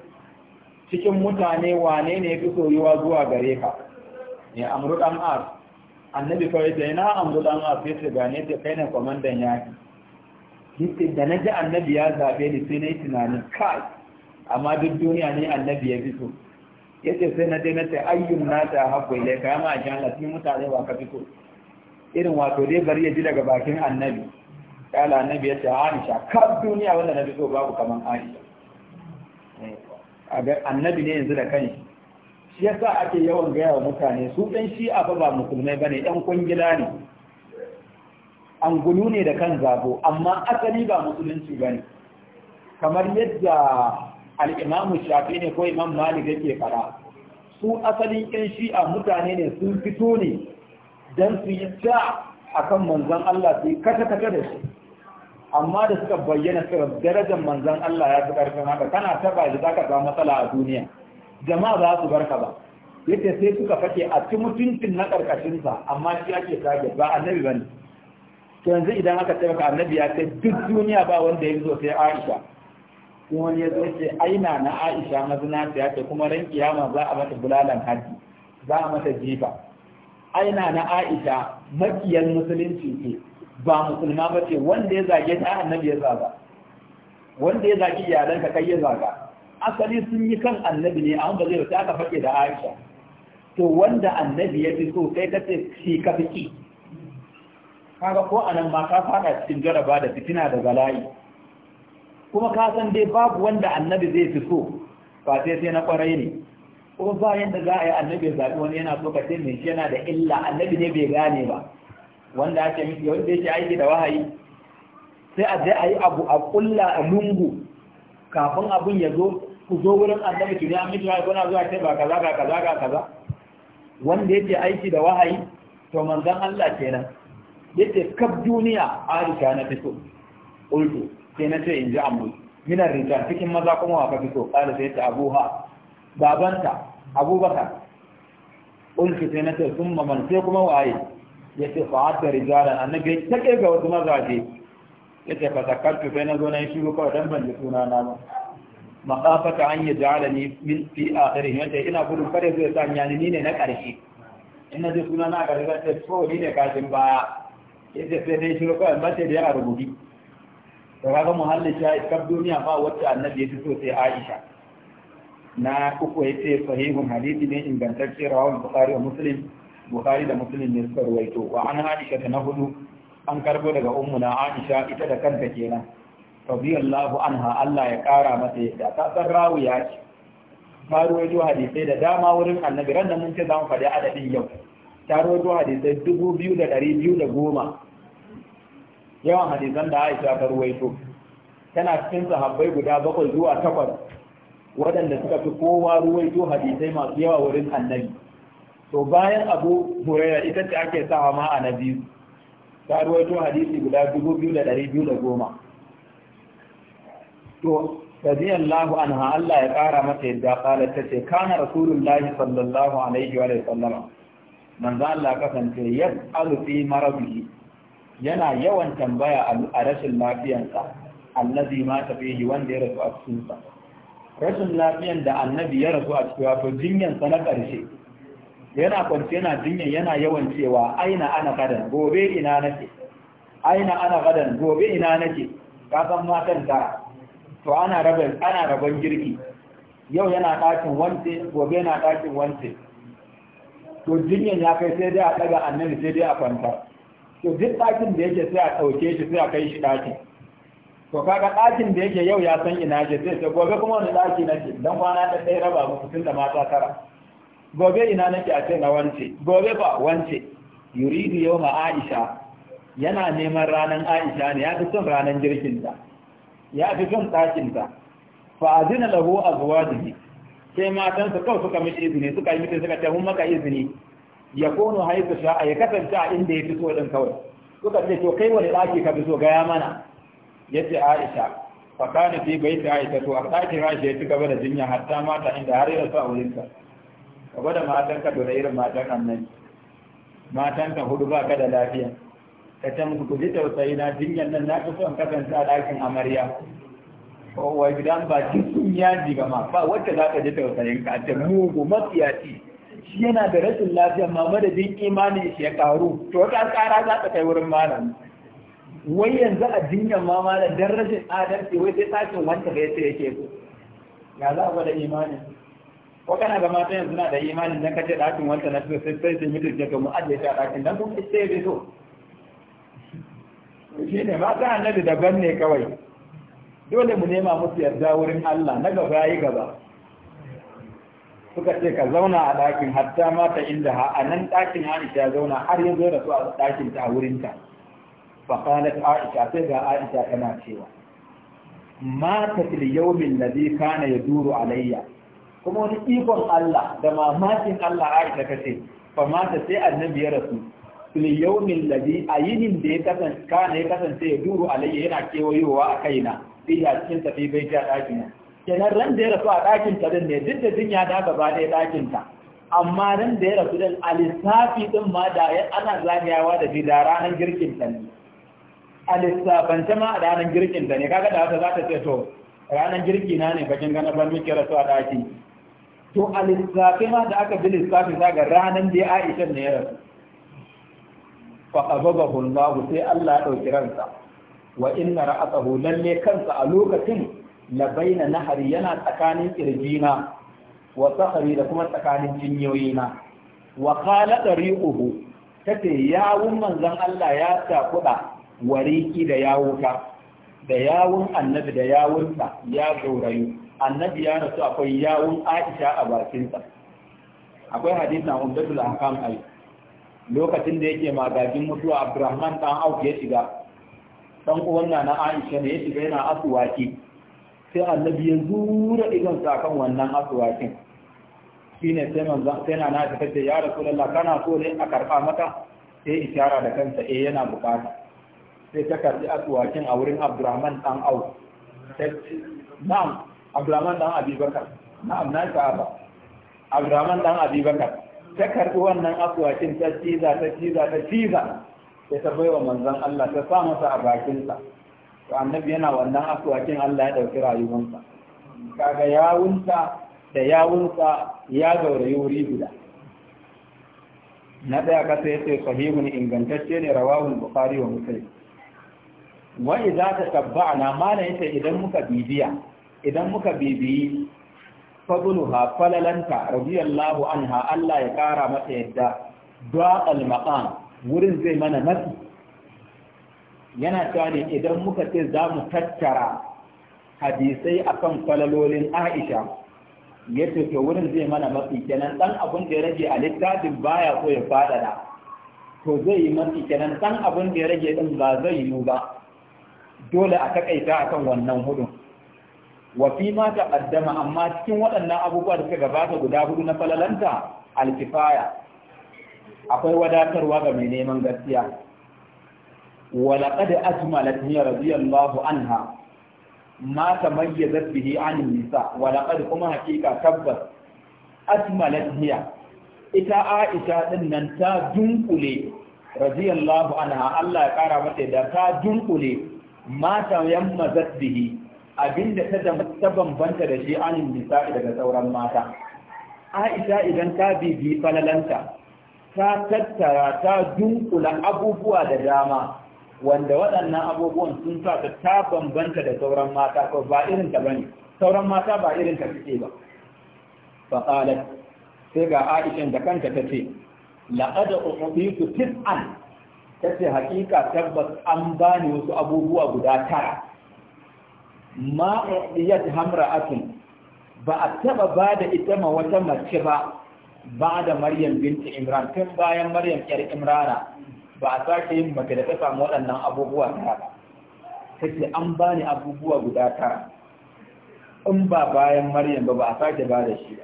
cikin mutane wane ne fi soyuwa zuwa gare ka ne amru dan as annabi fa yace na amru dan as ce gane ce kai ne komandan yaki yace da naji annabi ya zabe ni sai na yi tunanin kai amma duk duniya ne annabi ya fi so yace sai na je na ce ayyun na ta haƙƙo ilai ka yama a Allah cikin mutane ba ka fi irin wato dai bari ya ji daga bakin annabi kala annabi ya ce Aisha kar duniya wanda na fi so babu kaman Aisha annabi ne yanzu da kanshi shi yasa ake yawan gaya wa mutane su ɗan shi'a a ba musulmai bane ɗan kungila ne angulu ne da kan zabo amma asali ba musulunci bane kamar yadda al'imamu shafi ne ko imam malik yake fara su asalin yan shi'a mutane ne sun fito ne don su yi ta a kan manzan Allah su yi kata da shi amma da suka bayyana suka darajar manzan Allah ya fi ƙarfin haka kana taba da za ka matsala a duniya jama'a za su barka ba Yake sai suka fake a ci mutuncin na ƙarƙashinsa amma shi ake sage ba annabi ba ne to yanzu idan aka ce ka annabi ya ce duk duniya ba wanda ya zo sai Aisha sun wani ya zo ce aina na Aisha mazinaciya ce kuma ran kiyama za a mata bulalan haji za a mata jifa aina na Aisha makiyar musulunci ce ba musulma ba ce wanda ya zage ta annabi ya zaga wanda ya zage iyalanka kai ya zaga asali sun yi kan annabi ne an ba zai wuce aka fake da Aisha to wanda annabi ya fi so kai ka ce shi ka fi ki kaga ko anan ma ka fada cikin jaraba da fitina da bala'i kuma ka san dai babu wanda annabi zai fi so ba sai sai na kwarai ne kuma ba yanda za a yi annabi ya zaɓi wani yana so ka ce mai yana da illa annabi ne bai gane ba wanda ake miki wanda yake aiki da wahayi sai a je a yi abu a kulla a lungu kafin abun ya zo ku zo wurin annabi ki ga miki wahayi kuna zuwa ce ba kaza ga kaza ga kaza wanda yake aiki da wahayi to manzon Allah kenan yace kaf duniya rika na fito ulto sai na ce in ji amma minar rijal cikin maza kuma wa kafi so kala sai ta abuha babanta abubakar ulki sai na ce sun maman sai kuma waye ya ce fa'adda na annabi ta ga wasu mazaje ya ce fasakartu sai na zo na yi shigo kawai dan ban ji suna na ba Maƙafata an yi jala ni min fi akhirin yace ina gudun kare zai sa ni ni ne na karshe ina ji suna na karshe ta ko ni ne kashin baya Ya ce sai na yi shigo kawai ba sai dai a rubuci to kaga muhallin ta kaf duniya ba wacce annabi ya fito sai Aisha na uku yace sahihun hadithi ne ingantacce rawan Bukhari wa Muslim Bukhari da Muslim ne suka ruwaito wa an Aisha ta na hudu an karbo daga ummuna Aisha ita da kanta kenan radiyallahu anha Allah ya kara mata da ta san rawiya ce ta ruwaito hadisi da dama wurin annabi ran da mun ce za mu faɗi adadin yau ta ruwaito hadisai dubu biyu da goma yawan hadisan da Aisha ta ruwaito tana cikin sahabbai guda bakwai zuwa takwas waɗanda suka fi kowa ruwaito hadisai masu yawa wurin annabi to bayan abu huraira ita ce ake sawa ma a na biyu ta ruwaito hadisi guda dubu biyu da ɗari biyu da goma to radiyallahu anha Allah ya ƙara mata yadda ƙalar ta ce kana rasulullahi sallallahu alaihi wa sallama manzo Allah kasance yas'alu fi marabihi yana yawan tambaya a rashin lafiyansa annabi ma ta yi wanda ya rasu a cikinsa rashin lafiyan da annabi ya rasu a cikin wato jinyansa na ƙarshe yana kwanci yana jinyan yana yawan cewa aina ana gadan gobe ina nake aina ana gadan gobe ina nake ka san matan ta to ana rabin ana rabon girki yau yana ɗakin wance gobe yana ɗakin wance to jinyan ya kai sai dai a ɗaga annabi sai dai a kwanta to duk ɗakin da yake sai a ɗauke shi sai a kai shi ɗakin to kaga ɗakin da yake yau ya san ina ke sai sai gobe kuma wani ɗaki nake dan kwana da ɗaya raba mu tun da mata tara gobe ina nake a ce na wance gobe ba wance yuridu yau ma aisha yana neman ranar aisha ne ya fi son ranar ta, ya fi son ɗakin ta. fa azina lahu azwajihi sai matansa kawai suka mishi izini suka yi miki suka ce mun maka izini ya kono haifu sha'a ya kasance a inda ya fi so din kawai suka ce to kai wani ɗaki ka fi so gaya mana yace Aisha fa kana fi ta Aisha to a ɗakin Aisha ya ci gaba da jinya hatta mata inda har yana sa wurin ka ka da matan ka dole irin matan annan matan ka hudu ba ka da lafiya ka can ku ji tausayi na jinyan nan na fi son kasance a ɗakin amarya wai gidan ba cikin yaji gama ba wacce za ka ji tausayin ka ce mugu mafiyaci shi yana da rashin lafiya ma madadin imanin shi ya karu to wata kara za ta kai wurin malam wai yanzu a jinyan ma malam dan rashin adalci wai sai sakin wanda da yace yake ko ya za a bada imanin ko kana ga mata yanzu na da imanin dan kace dakin wanda na so sai sai mutum ya ga mu aje ta dakin dan kuma sai bai so shi ne mata annabi daban ne kawai dole mu nema musu yarda wurin Allah na gaba yi gaba suka ce ka zauna a ɗakin hatta mata inda ha a nan ɗakin Aisha ya zauna har ya zo da su a ɗakin ta a wurin ta fa Aisha sai ga Aisha tana cewa mata fil yawmin ladhi kana duru alayya kuma wani ikon Allah da mamakin Allah Aisha ka ce fa mata sai annabi ya rasu fil yawmin ladhi ayinin da ya kasance kana ya kasance alayya yana kewayowa a kaina sai cikin tafi bai ta ɗakin kenan ran da ya rasu a ɗakin ta din ne duk da jinya da ba ɗaya ɗakin ta amma ran da ya rasu din a lissafi din ma da ana zagayawa da shi da ranar girkin ta ne a lissafance ma a ranar girkin ta ne kaga da wata za ta ce to ranar girki na ne bakin gana ban muke rasu a ɗaki to a lissafi ma da aka bi lissafi za ga ranar da ya aishan ne ya rasu fa ababa hullahu sai Allah ya ɗauki ransa wa inna ra'atahu lalle kansa a lokacin na baina nahari yana tsakanin kirjina wa sahari da kuma tsakanin jinyoyina wa qala dariquhu tace yawun manzon Allah ya wari wariki da yawuka da yawun annabi da yawunsa ya gaurayu annabi ya rasu akwai yawun Aisha a bakinsa akwai na umdatul ahkam ai lokacin da yake magajin mutuwa Abdurrahman dan Auf ya shiga dan uwan na Aisha ne ya shiga yana asuwaki sai annabi ya zura idon sa kan wannan asuwakin shine sai manzon sai na nata kace ya rasulullah kana so ne a karfa maka sai ishara da kansa eh yana bukata sai ta karbi asuwakin a wurin Abdurrahman dan sai na'am Abdurrahman dan Abubakar na'am na sahaba Abdurrahman dan Abubakar ta karbi wannan asuwakin ta ciza ta ciza ta ciza sai ta baiwa manzon Allah ta sa masa a sa to annabi yana wannan asuwakin Allah ya dauki rayuwarsa. kaga yawunsa da yawunsa ya gaurayi wuri guda na ɗaya kasa ya ce sahihun ingantacce ne rawahun bukhari wa muslim wa idza tatabba'na la yace idan muka bibiya idan muka bibiyi fadluha falalanta radiyallahu anha Allah ya kara mata yadda du'a al-maqam wurin zai mana nasi yana cewa ne idan muka ce za mu tattara hadisai akan falalolin aisha ya to wurin zai mana mafi kenan ɗan abin da ya rage a littafin baya ko ya da, to zai yi mafi kenan ɗan abin da ya rage din ba zai yi ba dole a takaita akan wannan hudun wa fi ma ƙaddama amma cikin waɗannan abubuwa da suka gabata guda hudu na falalanta alkifaya akwai wadatarwa ga mai neman gaskiya ولقد أجملت هي رضي الله عنها ما تميزت به عن النساء ولقد كما حقيقة كبر أجملت هي إتا عائشة إن تا جنقلي رضي الله عنها الله كرمت دا تا جنقلي ما تميزت به abinda ta bambanta da shi anin nisa'i daga sauran mata Aisha idan ta bibi falalanta ta tattara ta dunkula abubuwa da dama wanda waɗannan abubuwan sun sa ta ta bambanta da sauran mata ko ba irin ta bane sauran mata ba irin ta suke ba fa qalat sai ga Aisha da kanta tace laqad uhitu tis'an tace hakika tabbas an bani wasu abubuwa guda tara ma uhdiyat hamra'atun ba a taba ba da ita ma wata mace ba ba da Maryam binti Imran tun bayan Maryam ƴar Imrana ba a sake yin mace da ta samu waɗannan abubuwa ta ba ta ce an ba ni abubuwa guda tara in ba bayan maryam ba ba a sake ba da shi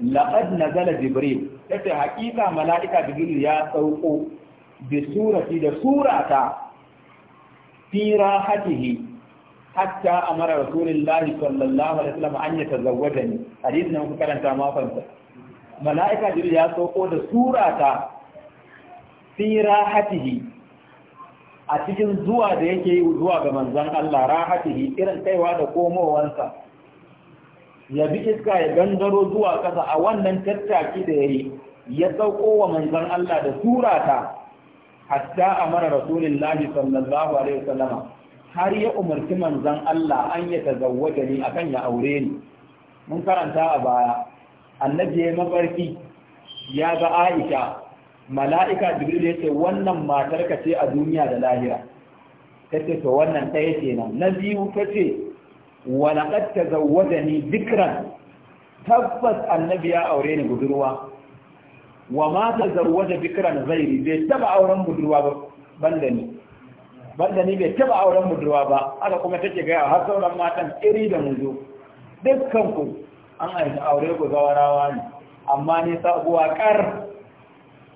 ba na zala jibril ta ce hakika mala'ika jibril ya sauko bi surati da surata fi rahatihi hatta amara rasulullahi sallallahu alaihi wasallam an yatazawwajani hadisin da muka karanta ma fansa mala'ika jibril ya sauko da surata fi rahatihi a cikin zuwa da yake yi zuwa ga manzan Allah rahatihi irin kaiwa da komowansa ya bi iska ya gangaro zuwa ƙasa a wannan tattaki da ya yi ya sauko wa manzan Allah da surata hatta a mara rasulillahi sallallahu alaihi wasallama har ya umarci manzan Allah an ya tazawwaje ni akan ya aure ni mun karanta a baya annabi ya mafarki ya ga Aisha mala'ika jibril ya ce wannan matar ka ce a duniya da lahira ta ce to wannan ɗaya ce nan na biyu ta ce walaƙar ta zawwaja ni dikran tabbas annabi ya aure ni budurwa wa ma ta zawwaja dikran zairi bai taba auren budurwa ba banda ni banda ni bai taba auren budurwa ba aka kuma take gaya har sauran matan iri da muzo dukkan ku an aiki aure ku zawarawa ne amma ni sabuwa kar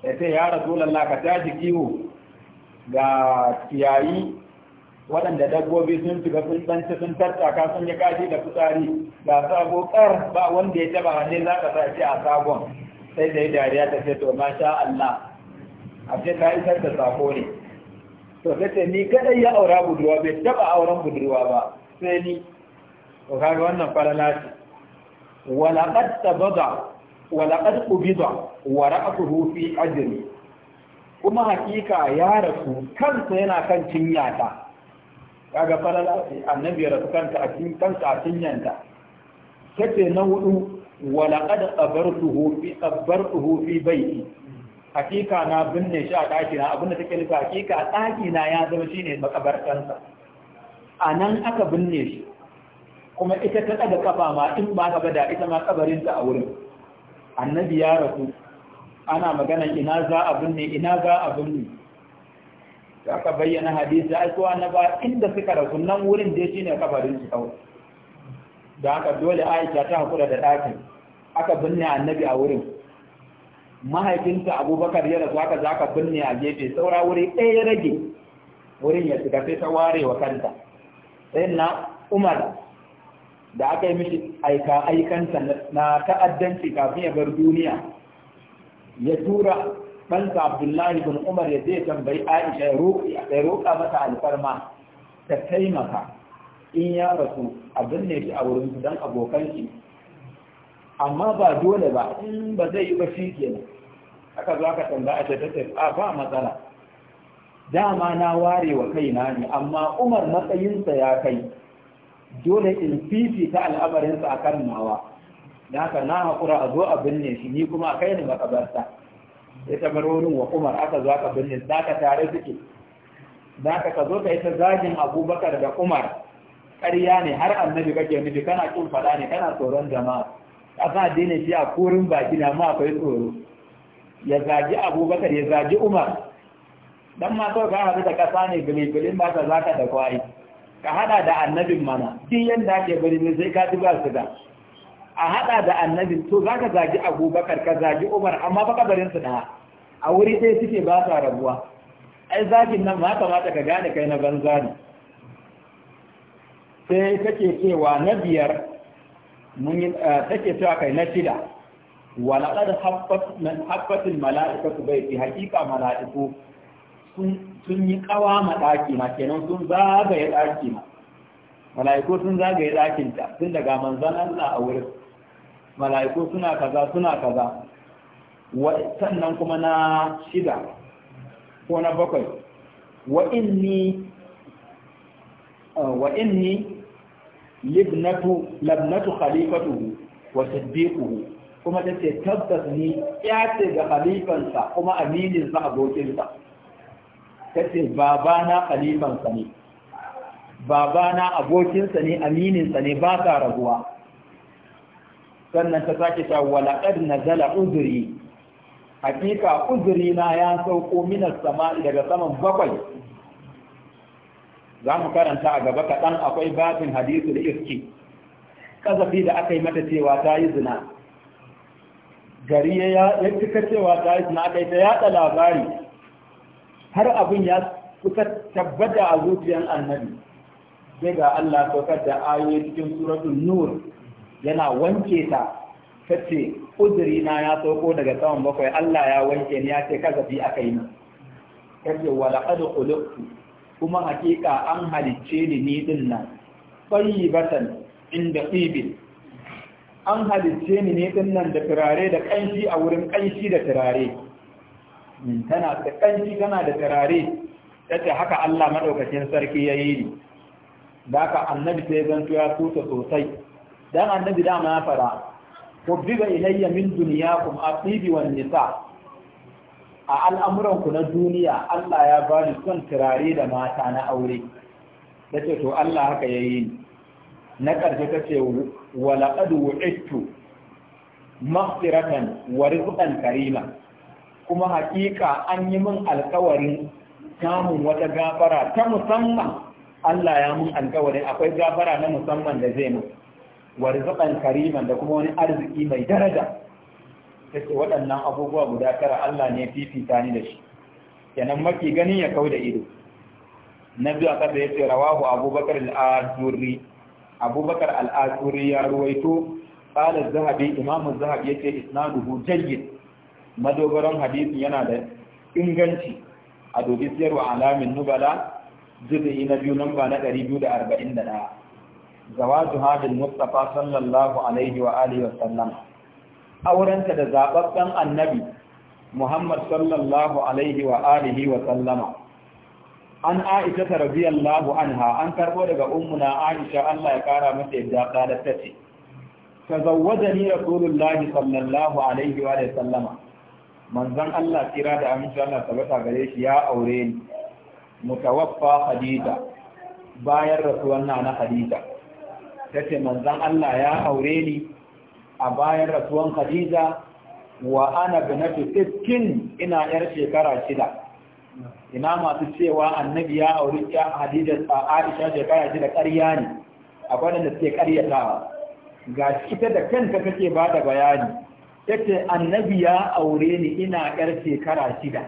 ya ce ya rasulallah ka tashi kiwo ga kiyayi waɗanda dabbobi sun shiga sun tsanci sun tattaka sun yi kashi da fitsari ga sabo kar ba wanda ya taba hannu za ka sa shi a sabon sai da ya dariya ta ce to masha Allah a ce ta isar da sako ne to sai ce ni kadai ya aura budurwa bai taba auren budurwa ba sai ni to kaga wannan falala ce wala qad tabada walaƙar ƙubida wa ra'atuhu fi ajri kuma hakika ya rasu kansa yana kan cinyata kaga falal annabi ya rasu kanta a cikin kansa a cinyanta kace na hudu walaƙad qabartuhu fi qabartuhu fi baiti hakika na binne shi a daki na abinda take nufi hakika daki na ya zama shine makabartansa a nan aka binne shi kuma ita ta ɗaga kafa ma in ba ka da ita ma ta a wurin annabi ya rasu ana magana ina za a binne ina za a binne da aka bayyana hadisi ai na ba inda suka rasu nan wurin dai shine kafarin su kawai da aka dole Aisha ta hakura da ɗakin aka binne annabi a wurin mahaifinta Abubakar ya rasu aka zaka binne a gefe saura wuri ɗaya ya rage wurin ya shiga sai ta ware wa kanta sai na Umar da aka yi mishi aika aikansa na ta'addanci kafin ya bar duniya ya tura ɗansa abdullahi bin umar ya zai tambayi aisha ya roƙa mata alfarma ta taimaka in ya rasu abin ne shi a wurin su don abokan shi amma ba dole ba in ba zai yi ba shi kenan aka zo aka tambaya ta ta ba matsala dama na ware wa kaina ne amma umar matsayinsa ya kai dole in fifita al'amarinsa a kan nawa da haka na haƙura a zo a binne shi ni kuma a kai ni makabarta ya tabar wurin wa umar aka zo aka binne za ka tare suke za ka zo ka yi ta zagin abubakar da umar ƙarya ne har annabi kake nufi kana kin faɗa ne kana tsoron jama'a kasa addini shi a kurin baki na ma akwai tsoro ya zagi abubakar ya zagi umar dan ma kawai ka haɗu da ƙasa ne bilibilin ba ta zaka da kwai ka hada da annabin mana duk yanda ake bari ne sai ka duba su da a hada da annabin to za ka zagi abubakar ka zagi umar amma baka barin su da a wuri ɗaya suke ba sa rabuwa ai zagin nan ma kamata ka gane kai na banza ne sai kake cewa na biyar mun yi eh, take cewa kai na shida walaqad haqqat man haqqatil mala'ikatu baiti haqiqa mala'iku sun yi kawa ma ɗaki ma kenan sun zagaye ɗaki ma mala'iku sun zagaye ɗakin ta tun daga manzan Allah a wurin mala'iku suna kaza suna kaza sannan kuma na shida ko na bakwai wa inni uh, wa inni libnatu labnatu khalifatuhu wa siddiquhu kuma dace ce tabbas ni ya ce ga khalifansa kuma aminin sa abokinsa ta ce babana khalifansa ne babana abokinsa ne amininsa ne ba sa raguwa sannan ta sake ta walaƙar zala uzuri hakika uzuri na ya sauko minas sama daga saman bakwai za mu karanta a gaba kaɗan akwai babin hadisu da irki ƙazafi da aka yi mata cewa ta yi zina gari ya cika cewa ta yi zina aka yi ta yaɗa labari har abin ya kusa tabbata a zuciyar annabi sai ga Allah saukar da ayoyi cikin suratul nur yana wanke ta kace ce na ya sauko daga saman bakwai Allah ya wanke ni ya ce kaza bi aka yi kace wa laqad khuliqtu kuma hakika an halicce ni ni din nan tayyibatan inda qibil an halicce ni ni din nan da turare da kanshi a wurin kanshi da turare min tana da kanci tana da tarare. tace haka Allah madaukakin sarki yayi ni da ka annabi sai zanto ya tuta sosai dan annabi dama ya fara biga ilayya min dunyakum atibi wan nisa a al'amuranku na duniya Allah ya bani son turare da mata na aure tace to Allah haka yayi ni na ƙarshe ta ce walaƙadu wa'ittu maghfiratan wa rizqan karima kuma hakika an yi min alkawarin samun wata gafara ta musamman Allah ya mun alkawarin akwai gafara na musamman da zai mu wa rizqan kariman da kuma wani arziki mai daraja take waɗannan abubuwa guda tara Allah ne fifita ni da shi kenan maki ganin ya kau da ido nabi aka da yace rawahu abubakar al-azuri abubakar al-azuri ya ruwaito qala az-zahabi imam az-zahabi yace isnaduhu jayyid madogaron hadisin yana da inganci a dubi wa alamin nubala juzu'i na biyu namba na 241 Zawatu hadin mustafa sallallahu alaihi wa alihi wa sallam aurenta da zababben annabi muhammad sallallahu alaihi wa alihi wa sallama an aisha ta radiyallahu anha an karbo daga ummuna aisha Allah ya kara mata yadda ta qalat tace tazawwajani rasulullahi sallallahu alaihi wa sallama manzon Allah kira da amince Allah tabbata gare shi ya aure ni mutawaffa hadita bayan rasuwan na hadita tace manzan Allah ya aure ni a bayan rasuwan Hadiza? wa ana binatu sittin ina yar shekara shida ina masu cewa annabi ya auri ya Khadija a Aisha shekara shida ƙarya ne akwai da suke ƙaryatawa ga ita da kanta kake ba da bayani yace annabi ya aure ni ina yar shekara shida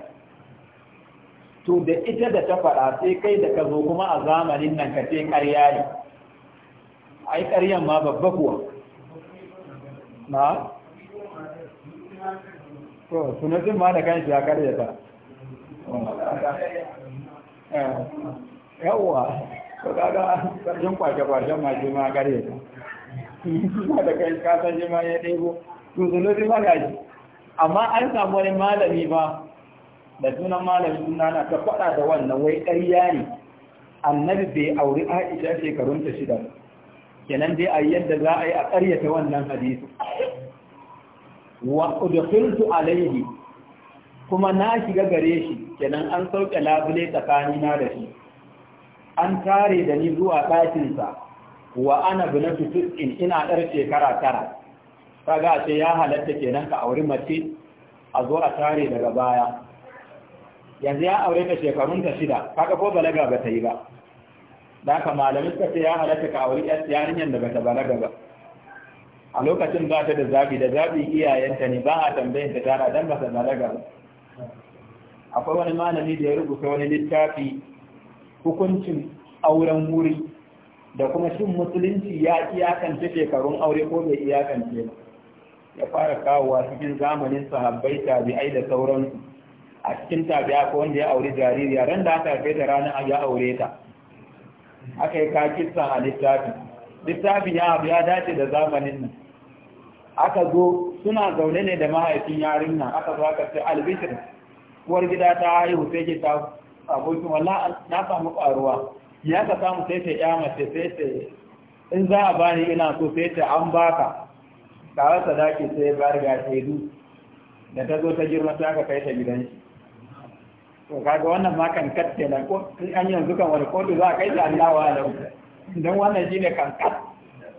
to da ita da ta fara sai kai da ka zo kuma a zamanin nan ka ce ƙarya ne ai ƙaryan ma babba kuwa na to sunatin ma da kanshi ya ƙarya ta yawwa to kaga karshen kwace-kwacen ma shi ma ƙarya ta da kai san shi ma ya ɗebo to zolo sai shi amma an samu wani malami ba da sunan malami suna na ta faɗa da wannan wai ƙarya ne annabi bai auri aisha ta shida kenan dai a yadda za a yi a ƙaryata wannan hadisi wa udkhiltu alayhi kuma na shiga gare shi kenan an sauke labule tsakani na da shi an tare da ni zuwa ɗakin sa wa ana binatu in ina ɗar shekara tara kaga a ce ya halatta kenan ka auri mace a zo a tare daga baya yanzu ya aure ta shekarun ta shida kaga ko balaga ba ta yi ba da ka malamin ka ce ya halatta ka auri yarinyar da ba ta balaga ba a lokacin ba ta da zabi da zabi iyayenta ne ba a tambayin ta tara dan ba ta balaga ba akwai wani malami da ya rubuta wani littafi hukuncin auren wuri da kuma shin musulunci ya iyakance shekarun aure ko bai iyakance ba ya fara kawowa cikin zamanin sahabbai tabi'ai da sauransu a cikin tabi'a ko wanda ya aure jaririya ran da aka haife ta ranar ya aure ta aka yi kakisan a littafin littafin ya abu ya dace da zamanin nan aka zo suna zaune ne da mahaifin yarinya aka zo aka ce albishir uwar gida ta haihu sai ke ta abokin wala na samu faruwa ya ka samu sai ta ya mace sai in za a bani ina so sai ta an baka kawai sadaki sai ya bayar ga shaidu da ta zo ta girma sai aka kai ta gidan shi to kaga wannan ma kan katte na ko an yanzu kan wani kotu za a kai ta Allah wa alau dan wannan shine kan kat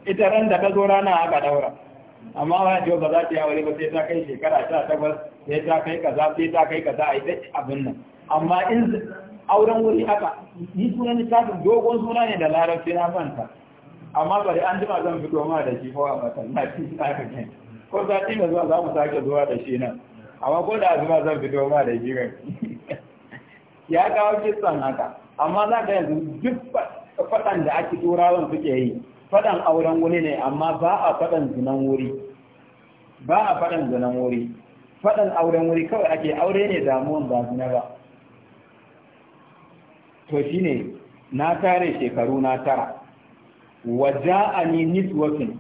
ita ran da ta zo rana aka daura amma wani jiwa ba za ta yi aure ba sai ta kai shekara sha takwas sai ta kai kaza sai ta kai kaza a yi abin nan amma in auren wuri haka ni sunan ta dogon suna ne da larabci na manta amma bari an jima zan fito ma da shi ko a masallaci na kake ko sati da zuwa za mu sake zuwa da shi nan amma ko da azuma zan fito ma da shi kan ya kawo kistan haka amma za ka yanzu duk faɗan da ake turawan suke yi faɗan auren wuri ne amma ba a faɗan zinan wuri ba a faɗan zinan wuri faɗan auren wuri kawai ake aure ne damuwan ba zina ba to shine na tare shekaru na tara wa ja'ani niswatun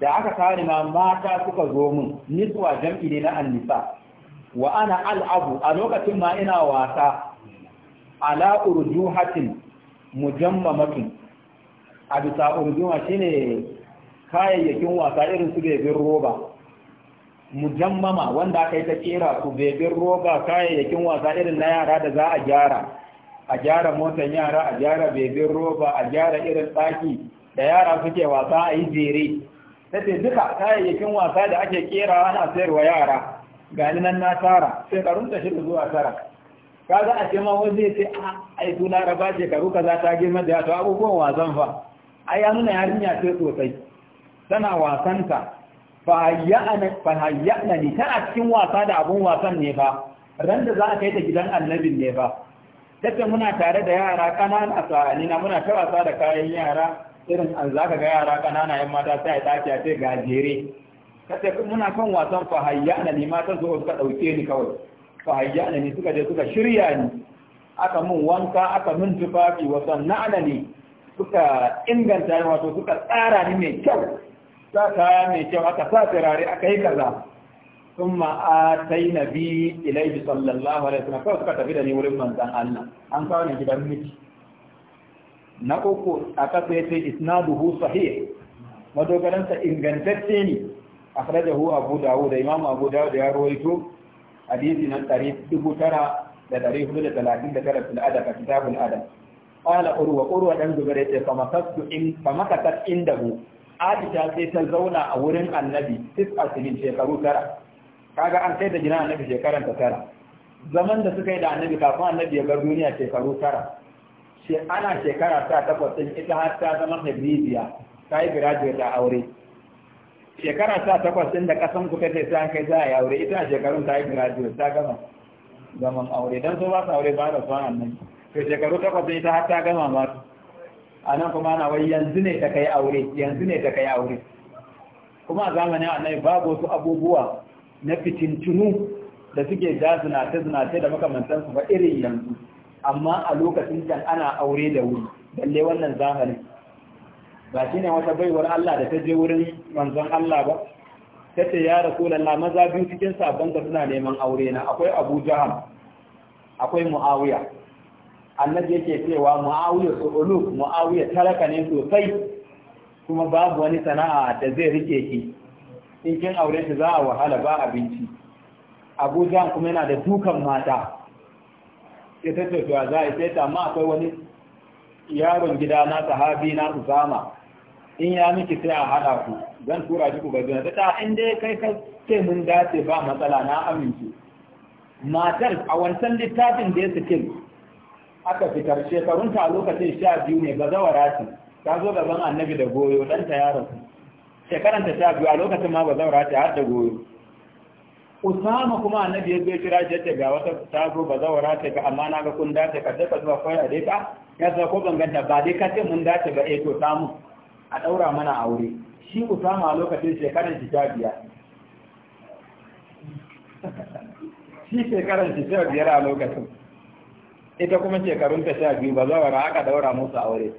da aka kare na mata suka zo mun niswa jam'i ne na annisa wa ana al'abu a lokacin ma ina wasa ala urjuhatin mujammamatin a bisa urjuha shine kayayyakin wasa irin su bebin roba mujammama wanda aka yi ta kera su bebin roba kayayyakin wasa irin na yara da za a gyara a gyara motan yara a gyara bebin roba a gyara irin tsaki da yara suke wasa a yi jere ta ce duka kayayyakin wasa da ake kera ana sayarwa yara gani nan na tara sai karun ta shida zuwa tara Ka za a ce ma wanda ya ce a ah, ai su laraba shekaru kaza ta girma da to abubuwan wasan fa ai ya nuna yarinya ce sosai tana wasanta fa hayyana ni a cikin wasa da abun wasan ne fa ran da za a kai ta gidan annabin ne fa ce muna tare da yara ƙananan a sa'ani muna ta wasa da kayan yara irin an zaka ga yara kanana yan mata sai a tafi a ce gajere kace muna kan wasan fahayya na ni matan su suka ɗauke ni kawai fahayya na ni suka je suka shirya ni aka mun wanka aka min tufafi wasan na'ana ni suka inganta ni wato suka tsara ni mai kyau sa kaya mai kyau aka sa firare aka yi kaza ثم آتينا alaihi إليه صلى الله عليه وسلم فأسكت في دني ولم أنت an أنت ni gidan ميت na uku a ƙasa ya ce isnaduhu sahih madogaransa ingantacce ne Huwa, abu da imam abu dawud ya rawaito hadisi na 9439 fil adab kitabul adab qala urwa urwa dan zubair yace famakastu in inda indahu aisha sai ta zauna a wurin annabi tis'a sinin shekaru tara kaga an sai da jina annabi shekaran ta tara zaman da suka yi da annabi kafin annabi ya bar duniya shekaru tara ana shekara ta takwas ɗin ita har ta zama habibiya ta yi graduate a aure shekara ta takwas ɗin da ƙasan ku ta ta kai za a yi aure ita a shekarun ta yi graduate ta gama zaman aure don so ba su aure ba da su nan to shekaru takwas ɗin ita har ta gama ma a nan kuma ana wai yanzu ne ta kai aure yanzu ne ta kai aure kuma a zamanin annabi babu wasu abubuwa na fitintunu da suke ja zinace-zinace da makamantansu ba irin yanzu amma a lokacin can ana aure da wuri balle wannan zamani ba shi ne wata baiwar Allah da ta je wurin manzon Allah ba ta ce ya rasulallah maza biyu cikin sabon da suna neman aure na akwai Abu akwai Muawiya annabi yake cewa Muawiya su ulu Muawiya talaka ne sosai kuma babu wani sana'a da zai rike ki in kin aure shi za a wahala ba abinci Abu kuma yana da dukan mata ya tattauta za a sai amma akwai wani yaron gida na sahabi na usama in ya miki sai a haɗa ku zan tura shi ku gajina ta in dai kai ka ce mun dace ba matsala na amince matar a wancan littafin da ya sikin aka fitar shekarunta a lokacin sha biyu ne bazawara ce ta zo gaban annabi da goyo ɗanta yaron shekaranta sha biyu a lokacin ma bazawara ce har da goyo Usama kuma annabi ya zo kira shi ga wata ta zo ba zawara ta ga amma na ga kun dace ka dafa zuwa fara a dai ka ya sa ko banganta ba dai ka ce mun dace ba eh to samu a daura mana aure shi Usama a lokacin shekarar shi ta shi shekarar shi ta biyar a lokacin ita kuma shekarun ta sha biyu ba zawara aka daura musu aure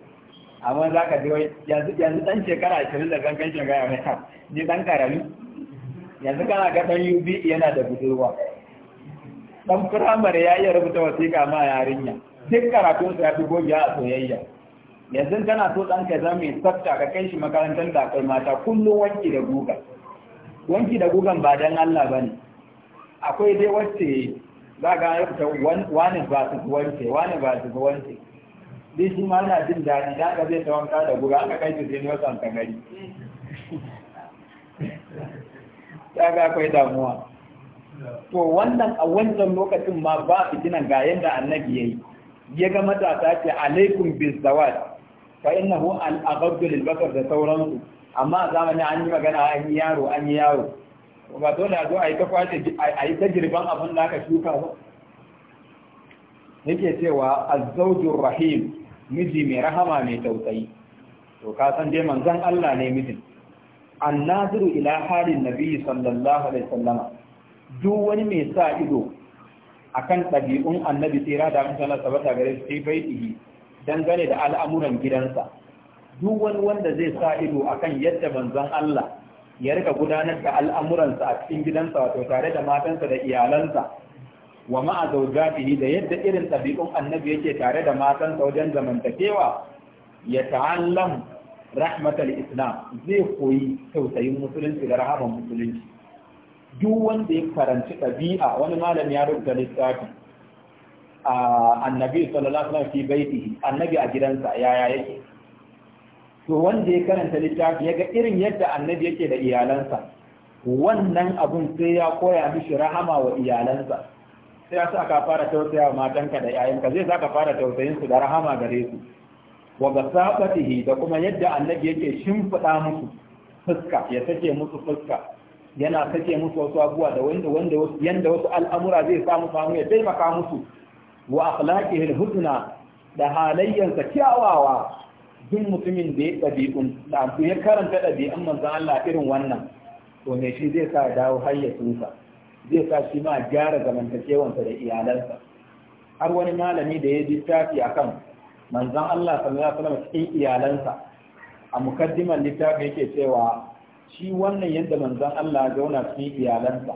amma za ka ji yanzu dan shekara 20 da gangan shekara mai ni dan karami yanzu kana ga ɗan UB e yana da budurwa ɗan firamare ya iya rubuta wasiƙa ma yarinya duk karatunsa ya fi gogiya a soyayya yanzu tana so ɗan ka zama mai tsafta ka kai shi makarantar da kai mata kullum wanki da guga wanki da gugan ba don Allah ba ne akwai dai wacce za ga ya wani ba su wanke, wani ba su wanke. dai shi ma yana jin daɗi da ka zai ta wanka da guga aka kai shi sai ne wasan ka gari kaga akwai damuwa to wannan a wancan lokacin ma ba fitinan ga yanda annabi yayi ya ga matasa ce alaikum bis zawad fa innahu al aghaddu lil basar da sauransu amma zamanin an yi magana an yi yaro an yi yaro ba dole a zo a yi ta kwace a yi ta girban abin da aka shuka ba yake cewa azzawjur rahim miji mai rahama mai tausayi to ka san dai manzon Allah ne mijin annaziru ila halin nabi sallallahu alaihi wasallama duk wani mai sa ido akan ɗabi'un annabi tsira da sanar Allah sabata gare shi bai ihi dangane da al'amuran gidansa duk wani wanda zai sa ido akan yadda manzon Allah ya rika gudanar da al'amuransa a cikin gidansa wato tare da matansa da iyalansa wa ma'a zawjatihi da yadda irin ɗabi'un annabi yake tare da matansa wajen zamantakewa ya ta'allam rahmatal islam zai koyi tausayin musulunci da rahaman musulunci duk wanda ya karanci ɗabi'a wani malam ya rubuta littafi a annabi sallallahu alaihi wasallam fi baitihi annabi a gidansa yaya yake to wanda ya karanta littafi ya ga irin yadda annabi yake da iyalansa wannan abun sai ya koya mishi rahama wa iyalansa sai ya sa ka fara tausaya matanka da yayanka zai sa ka fara tausayin su da rahama gare su wa basaqatihi da kuma yadda annabi yake shimfiɗa musu fuska ya sake musu fuska yana sake musu wasu abubuwa da wanda wanda yanda wasu al'amura zai samu samu ya taimaka musu wa akhlaqihi da halayyansa kyawawa duk mutumin da ya ɗabi'un da ya karanta ɗabi'un manzan Allah irin wannan to me shi zai sa dawo hayyacinsa zai sa shi ma gyara zamantakewansa da iyalansa har wani malami da ya littafi akan Manzan Allah sallallahu alaihi wasallam cikin iyalansa a mukaddimar littafin yake cewa shi wannan yadda manzan Allah ya zauna cikin iyalansa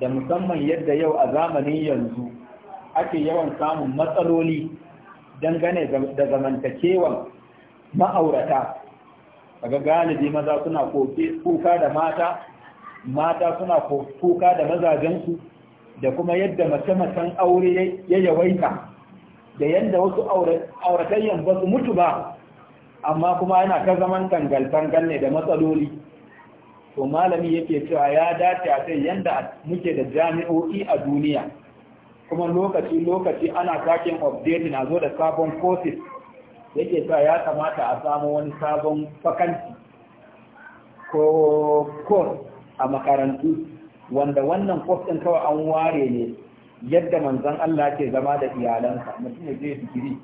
da musamman yadda yau a zamanin yanzu ake yawan samun matsaloli dangane da zamantakewan ma'aurata daga galibi maza suna kuka da mata mata suna kuka da mazajensu da kuma yadda mace-macen aure ya yawaita da yanda wasu auratayyan ba su mutu ba amma kuma yana ta zaman tangal-tangal ne da matsaloli to malami yake cewa ya dace a kai yanda muke da jami'o'i a duniya kuma lokaci-lokaci ana sakin update na zo da sabon courses yake cewa ya kamata a samu wani sabon fakanti ko course a makarantu wanda wannan course ɗin kawai an ware ne yadda manzon Allah ke zama da iyalansa mutum ya je digiri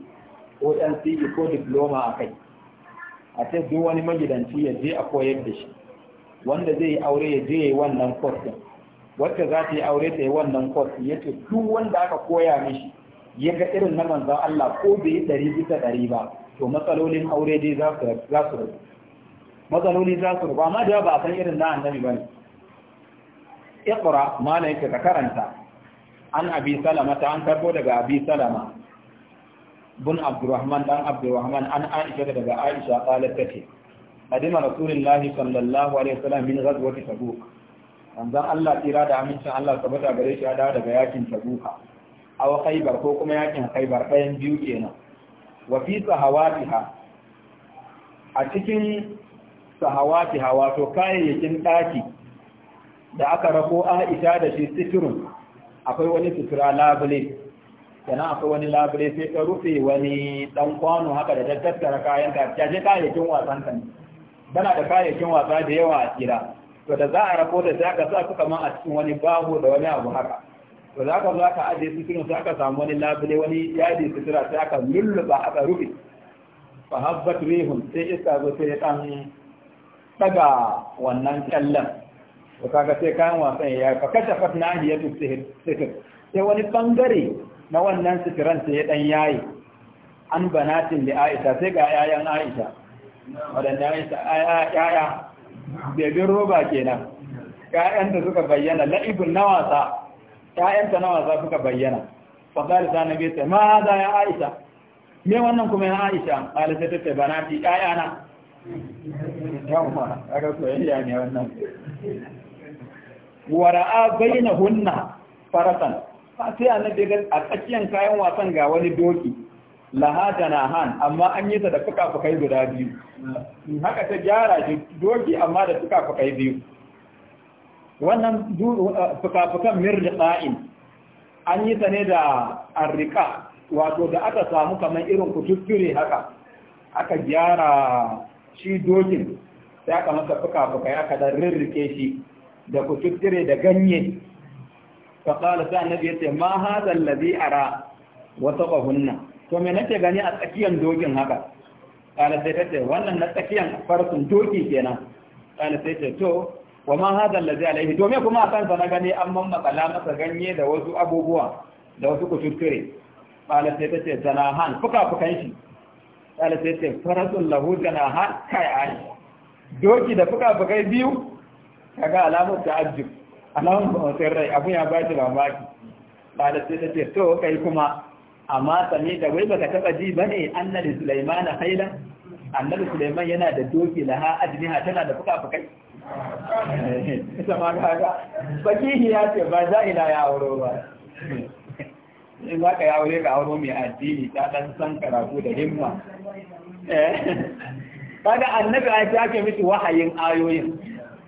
ko LCE ko diploma a kai a ce duk wani magidanci ya je a koyar da shi wanda zai yi aure ya je ya yi wannan course wacce za ta yi aure ta yi wannan course ya ce duk wanda aka koya mishi ya ga irin na manzon Allah ko bai yi ɗari bisa ɗari ba to matsalolin aure dai za su rabu matsaloli za su rabu amma da ba a san irin na annabi ba ne iqra malaika ka karanta an abi salama ta an karbo daga abi salama bin abdurrahman dan abdurrahman an aisha daga aisha qalat tace qadima rasulullah sallallahu alaihi wasallam min ghazwati tabuk manzon Allah tira da amincin Allah tabbata gare shi da daga yakin tabuk aw khaybar ko kuma yakin khaybar bayan biyu kenan wa fi sahawatiha a cikin sahawatiha wato kayayyakin daki da aka rako Aisha da shi sitirun akwai wani sutura labule sannan akwai wani labule sai ka rufe wani dan kwano haka da tattara kayan ka ta je kayayyakin wasan ka bana da kayayyakin wasa da yawa a tsira to da za a rako da sai ka sa su kaman a cikin wani babu da wani abu haka to za ka za ka aje suturin sai aka samu wani labule wani yadi sutura sai aka lulluba aka rufe fa habbat rihun sai iska zo sai dan daga wannan kyallan to kaga sai kayan wasan ya fa kashe fat nahiyatu sihr sai wani bangare na wannan sitiran sai ya dan yayi an banatin da Aisha sai ga yayan Aisha wadanda Aisha yaya bebin roba kenan da suka bayyana la'ibun na wasa ƴaƴanta na wasa suka bayyana fa qala sa nabi ta ma da ya Aisha me wannan kuma ya Aisha qala sai ta banati na yawa kaga soyayya ne wannan Wara'a ra'a Hunna farasan sai na ga a tsakiyar kayan wasan ga wani doki laha han amma an yi ta da fuka-fukai guda biyu haka ta gyara shi doki amma da fuka-fukai biyu wannan fuka-fukan mirriqa'in an yi ta ne da arrika wato da aka samu kamar irin kututture haka aka gyara shi dokin sai aka masa fuka-fukai aka dan rirrike shi da kututture da ganye fa qala sa annabi yace ma hada allazi ara wa taqahunna to me nake gani a tsakiyan dokin haka kala sai tace wannan na tsakiyan farsun doki kenan kala sai ce to wa ma hada allazi alaihi to me kuma akan sa gani an makala masa ganye da wasu abubuwa da wasu kututture kala sai tace han fuka-fukan shi kala sai tace farasun lahu zanahan kai ai doki da fuka-fukai biyu kaga alamun ta ajib alamar bautar rai abun ya ba shi mamaki da sai ta ce to kai kuma amma sami da wai baka taba ji ba ne, annabi sulaiman haila annabi sulaiman yana da doki laha ha, tana da fuka-fukai ita ma kaga fakihi ya ce ba za ila ya auro ba in za ka ya aure ka auro mai addini ta dan san karatu da himma eh, kaga annabi a ce ke miki wahayin ayoyin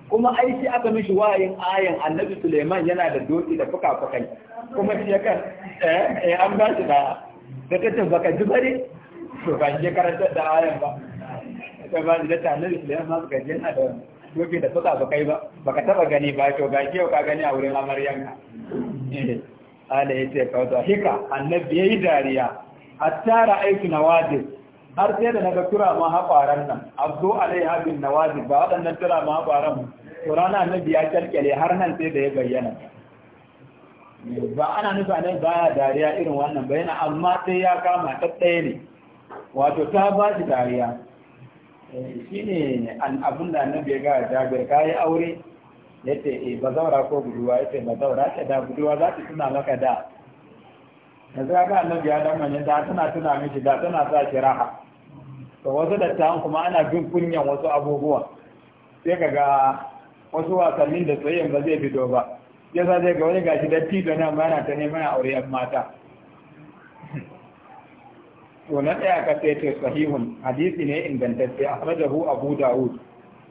kuma aiki aka mishi wayin ayan annabi Suleiman yana da doki da fuka-fukai kuma shi yakan eh, eh an ba shi da da kace baka ji bare to ban je karantar da ayan ba da ba da ta annabi Suleiman suka je yana da doki da fuka-fukai ba baka taba gani ba to ga yau ka gani a wurin amaryanka eh ala yace ka hika annabi yayi dariya hatta ra'aytu nawadis har sai da naga tura ma haƙwaran nan abdu alaiha bin nawazi ba waɗannan tura ma haƙwaran to rana annabi biya kyalkyale har nan sai da ya bayyana ba ana nufa ne ya dariya irin wannan bayyana amma sai ya kama ta ɗaya ne wato ta ba shi dariya eh, shine an abin da annabi ya ga jabir kayi aure yace eh zaura ko buduwa yace zaura ta da buduwa za ta tuna maka da yanzu ga annabi ya dan manyan da tana tuna miki da tana sa shi raha to wasu dattawan kuma ana bin kunyan wasu abubuwa sai ka ga wasu wasannin da tsayin ba zai fito ba ya sa zai ga wani gashi da nan na yana ta neman aure yan mata to na tsaya ka sai ta sahihun hadisi ne ingantacce jahu abu da'ud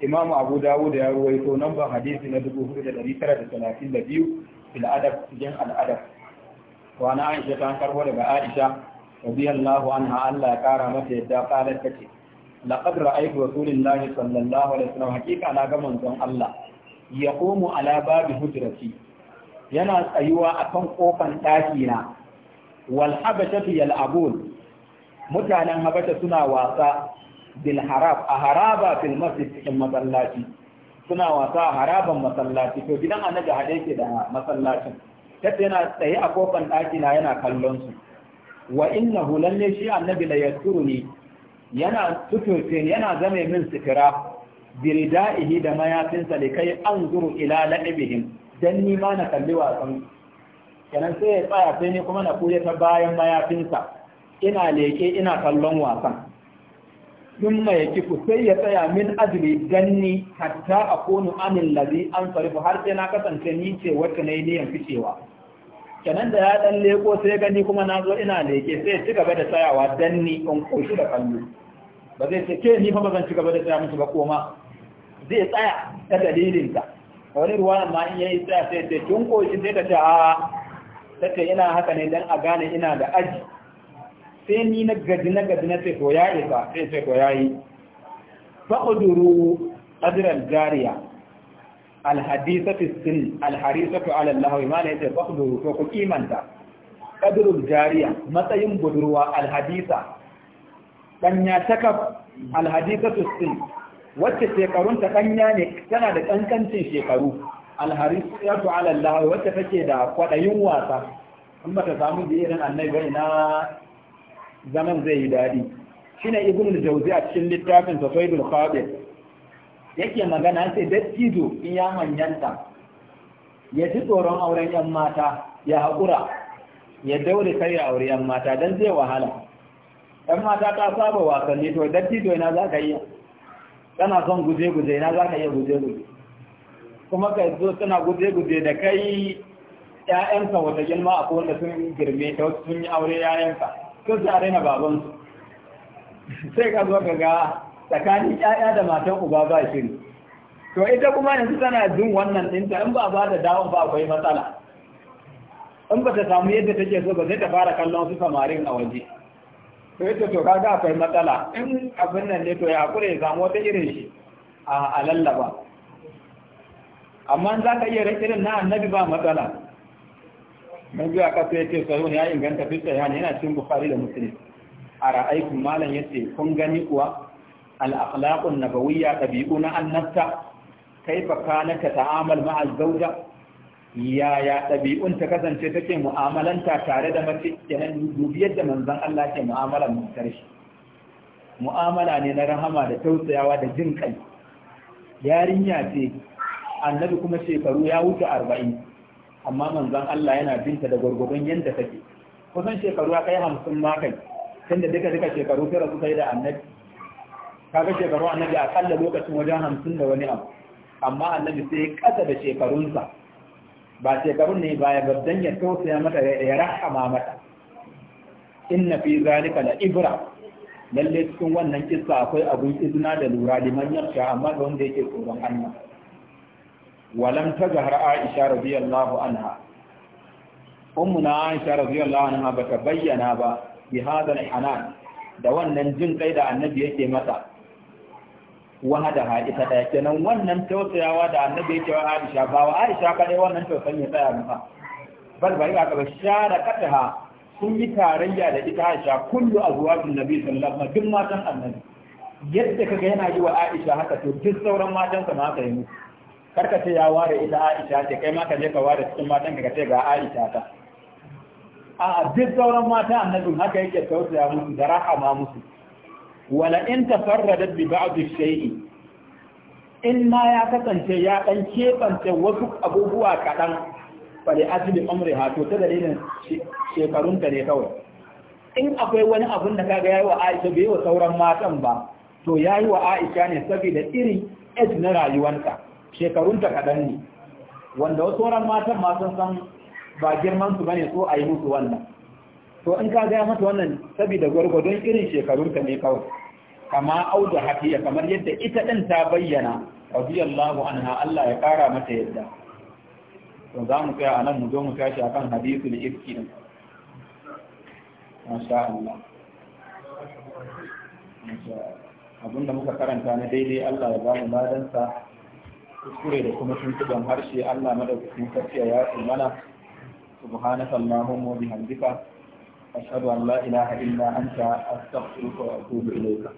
imamu abu da'ud ya ruwaito nan ba hadisi na 4932 fil adab cikin al'adab wa na aisha ta karbo daga aisha radiyallahu anha kara mata yadda qalat tace laqad ra'aytu na ga manzon Allah yaqumu ala babi hujrati yana tsayuwa akan kofan daki na wal mutanen habasha suna wasa bil a haraba fil cikin masallaci suna wasa a haraban masallaci to gidan annabi hade ke da masallacin yana tsaye a kofan ɗakina yana kallon su wa innahu lalle shi annabi la yasuruni yana tutuce yana zame min sitira biridaihi da mayafinsa da kai anzuru ila la'ibihim dan ni ma na kalli wasan kenan sai ya tsaya sai ni kuma na kuya ta bayan mayafinsa ina leke ina kallon wasan sun mai kifu sai ya tsaya min ajli ni hatta akunu anil ladhi an sarifu har sai na kasance ni ce wacce nayi niyan ficewa kenan da ya dan leko sai gani kuma na zo ina leke sai ci gaba da tsayawa dan ni in koshi da kallo ba zai ce ke ni fa ba zan ci gaba da tsaya musu ba koma zai tsaya ta dalilinka wani ruwa ma in yayi tsaya sai ce tun koshi sai ta ce a ta ce ina haka ne dan a gane ina da aji sai ni na gaji na gaji na ce to ya isa sai ce to yayi faqduru ajran jariya alhadisatu sin alharisatu imanin Allah ma ne yace faqduru ko ku kimanta qadrul jariya matsayin budurwa alhadisa danya taka alhadisatu wacce shekarunta danya ne tana da kankancin shekaru alharisatu ala Allah wacce take da kwadayin wasa in ba ta samu da irin annabi na zaman zai yi daɗi. Shi ne al-jawzi a cikin littafin safaidul khabir yake magana sai dattijo in ya manyanta ya ji tsoron auren yan mata ya haƙura ya daure kar ya aure yan mata don zai wahala yan mata ta saba wasanni to dattijo ina za ka yi tana son guje-guje ina za ka iya guje-guje kuma ka zo tana guje-guje da kai ‘ya'yansa wata girma a wanda sun girme ta wasu sun yi aure ‘ya'yansa sun a daina babansu sai ka zo ka ga tsakanin ƴaƴa da matan uba ba ne to ita kuma yanzu tana jin wannan ɗinta in ba ba da dawon ba akwai matsala in ba ta samu yadda take so ba zai ta fara kallon su samarin a waje to ita to kaga akwai matsala in abin nan ne to ya kure ya samu wata irin shi a lallaba amma za ka iya irin na annabi ba matsala mun biya ka sai ce sahihun ya inganta fi yana cikin bukari da musulmi a malam ya yace kun gani kuwa al-akhlaqun nabawiyya tabi'u na annabta kaifa kana ka ta'amal ma'a zauja yaya ɗabi'un ta kasance take mu'amalanta tare da mace kenan dubi yadda manzon Allah ke mu'amala mu karshe mu'amala ne na rahama da tausayawa da jin kai yarinya ce annabi kuma shekaru ya wuce arba'in amma manzon Allah yana binta da gwargwadon yadda take kusan shekaru ya kai hamsin ma kai duka duka shekaru yi da annabi kaga shekaru annabi a akalla lokacin wajen hamsin da wani abu amma annabi sai ya kasa da shekarunsa ba shekarun ne ba ya babban ya tausaya mata ya rahama mata inna fi zalika la ibra lalle cikin wannan kissa akwai abun izina da lura liman yarsha amma da wanda yake tsoron Allah walam zahar Aisha radiyallahu anha ummuna Aisha radiyallahu anha bata bayyana ba bi hadal hanan da wannan jin kai da annabi yake mata da haɗita ɗaya kenan wannan tausayawa da annabi yake wa Aisha ba wa Aisha kadai wannan tausayin ya tsaya masa bal bari ka ba shara kataha sun yi tarayya da ita Aisha kullu azwajin nabi sallallahu alaihi wasallam duk matan annabi yadda kaga yana yi wa Aisha haka to duk sauran matan sa ma ka yi karka ce ya ware ita Aisha ce kai ma ka je ka ware cikin matan ka ce ga Aisha ta a duk sauran matan annabi haka yake tausaya musu da rahama musu wala in tafarradat bi ba'd shay'i in ma ya kasance ya dan kebance wasu abubuwa kadan fali asli umri ha to ta dalilin shekarun ta ne kawai in akwai wani abun da kaga yayi wa Aisha bai wa sauran matan ba to yayi wa Aisha ne saboda irin age na rayuwanta shekarun ta kadan ne wanda wasu sauran matan ma sun san ba girman su bane so ayi musu wannan to in ka gaya mata wannan saboda gwargwadon irin shekarunta ne kawai kama auda hafiya kamar yadda ita ɗin ta bayyana radiyallahu anha Allah ya ƙara mata yadda to za mu tsaya a nan mu zo mu tashi akan hadisul ifki din masha Allah abinda muka karanta na daidai Allah ya ba madansa kuskure da kuma tuntuban harshe Allah madaukakin sarki ya yi mana subhanaka allahumma wa bihamdika ashhadu an la ilaha illa anta astaghfiruka a atubu ilayka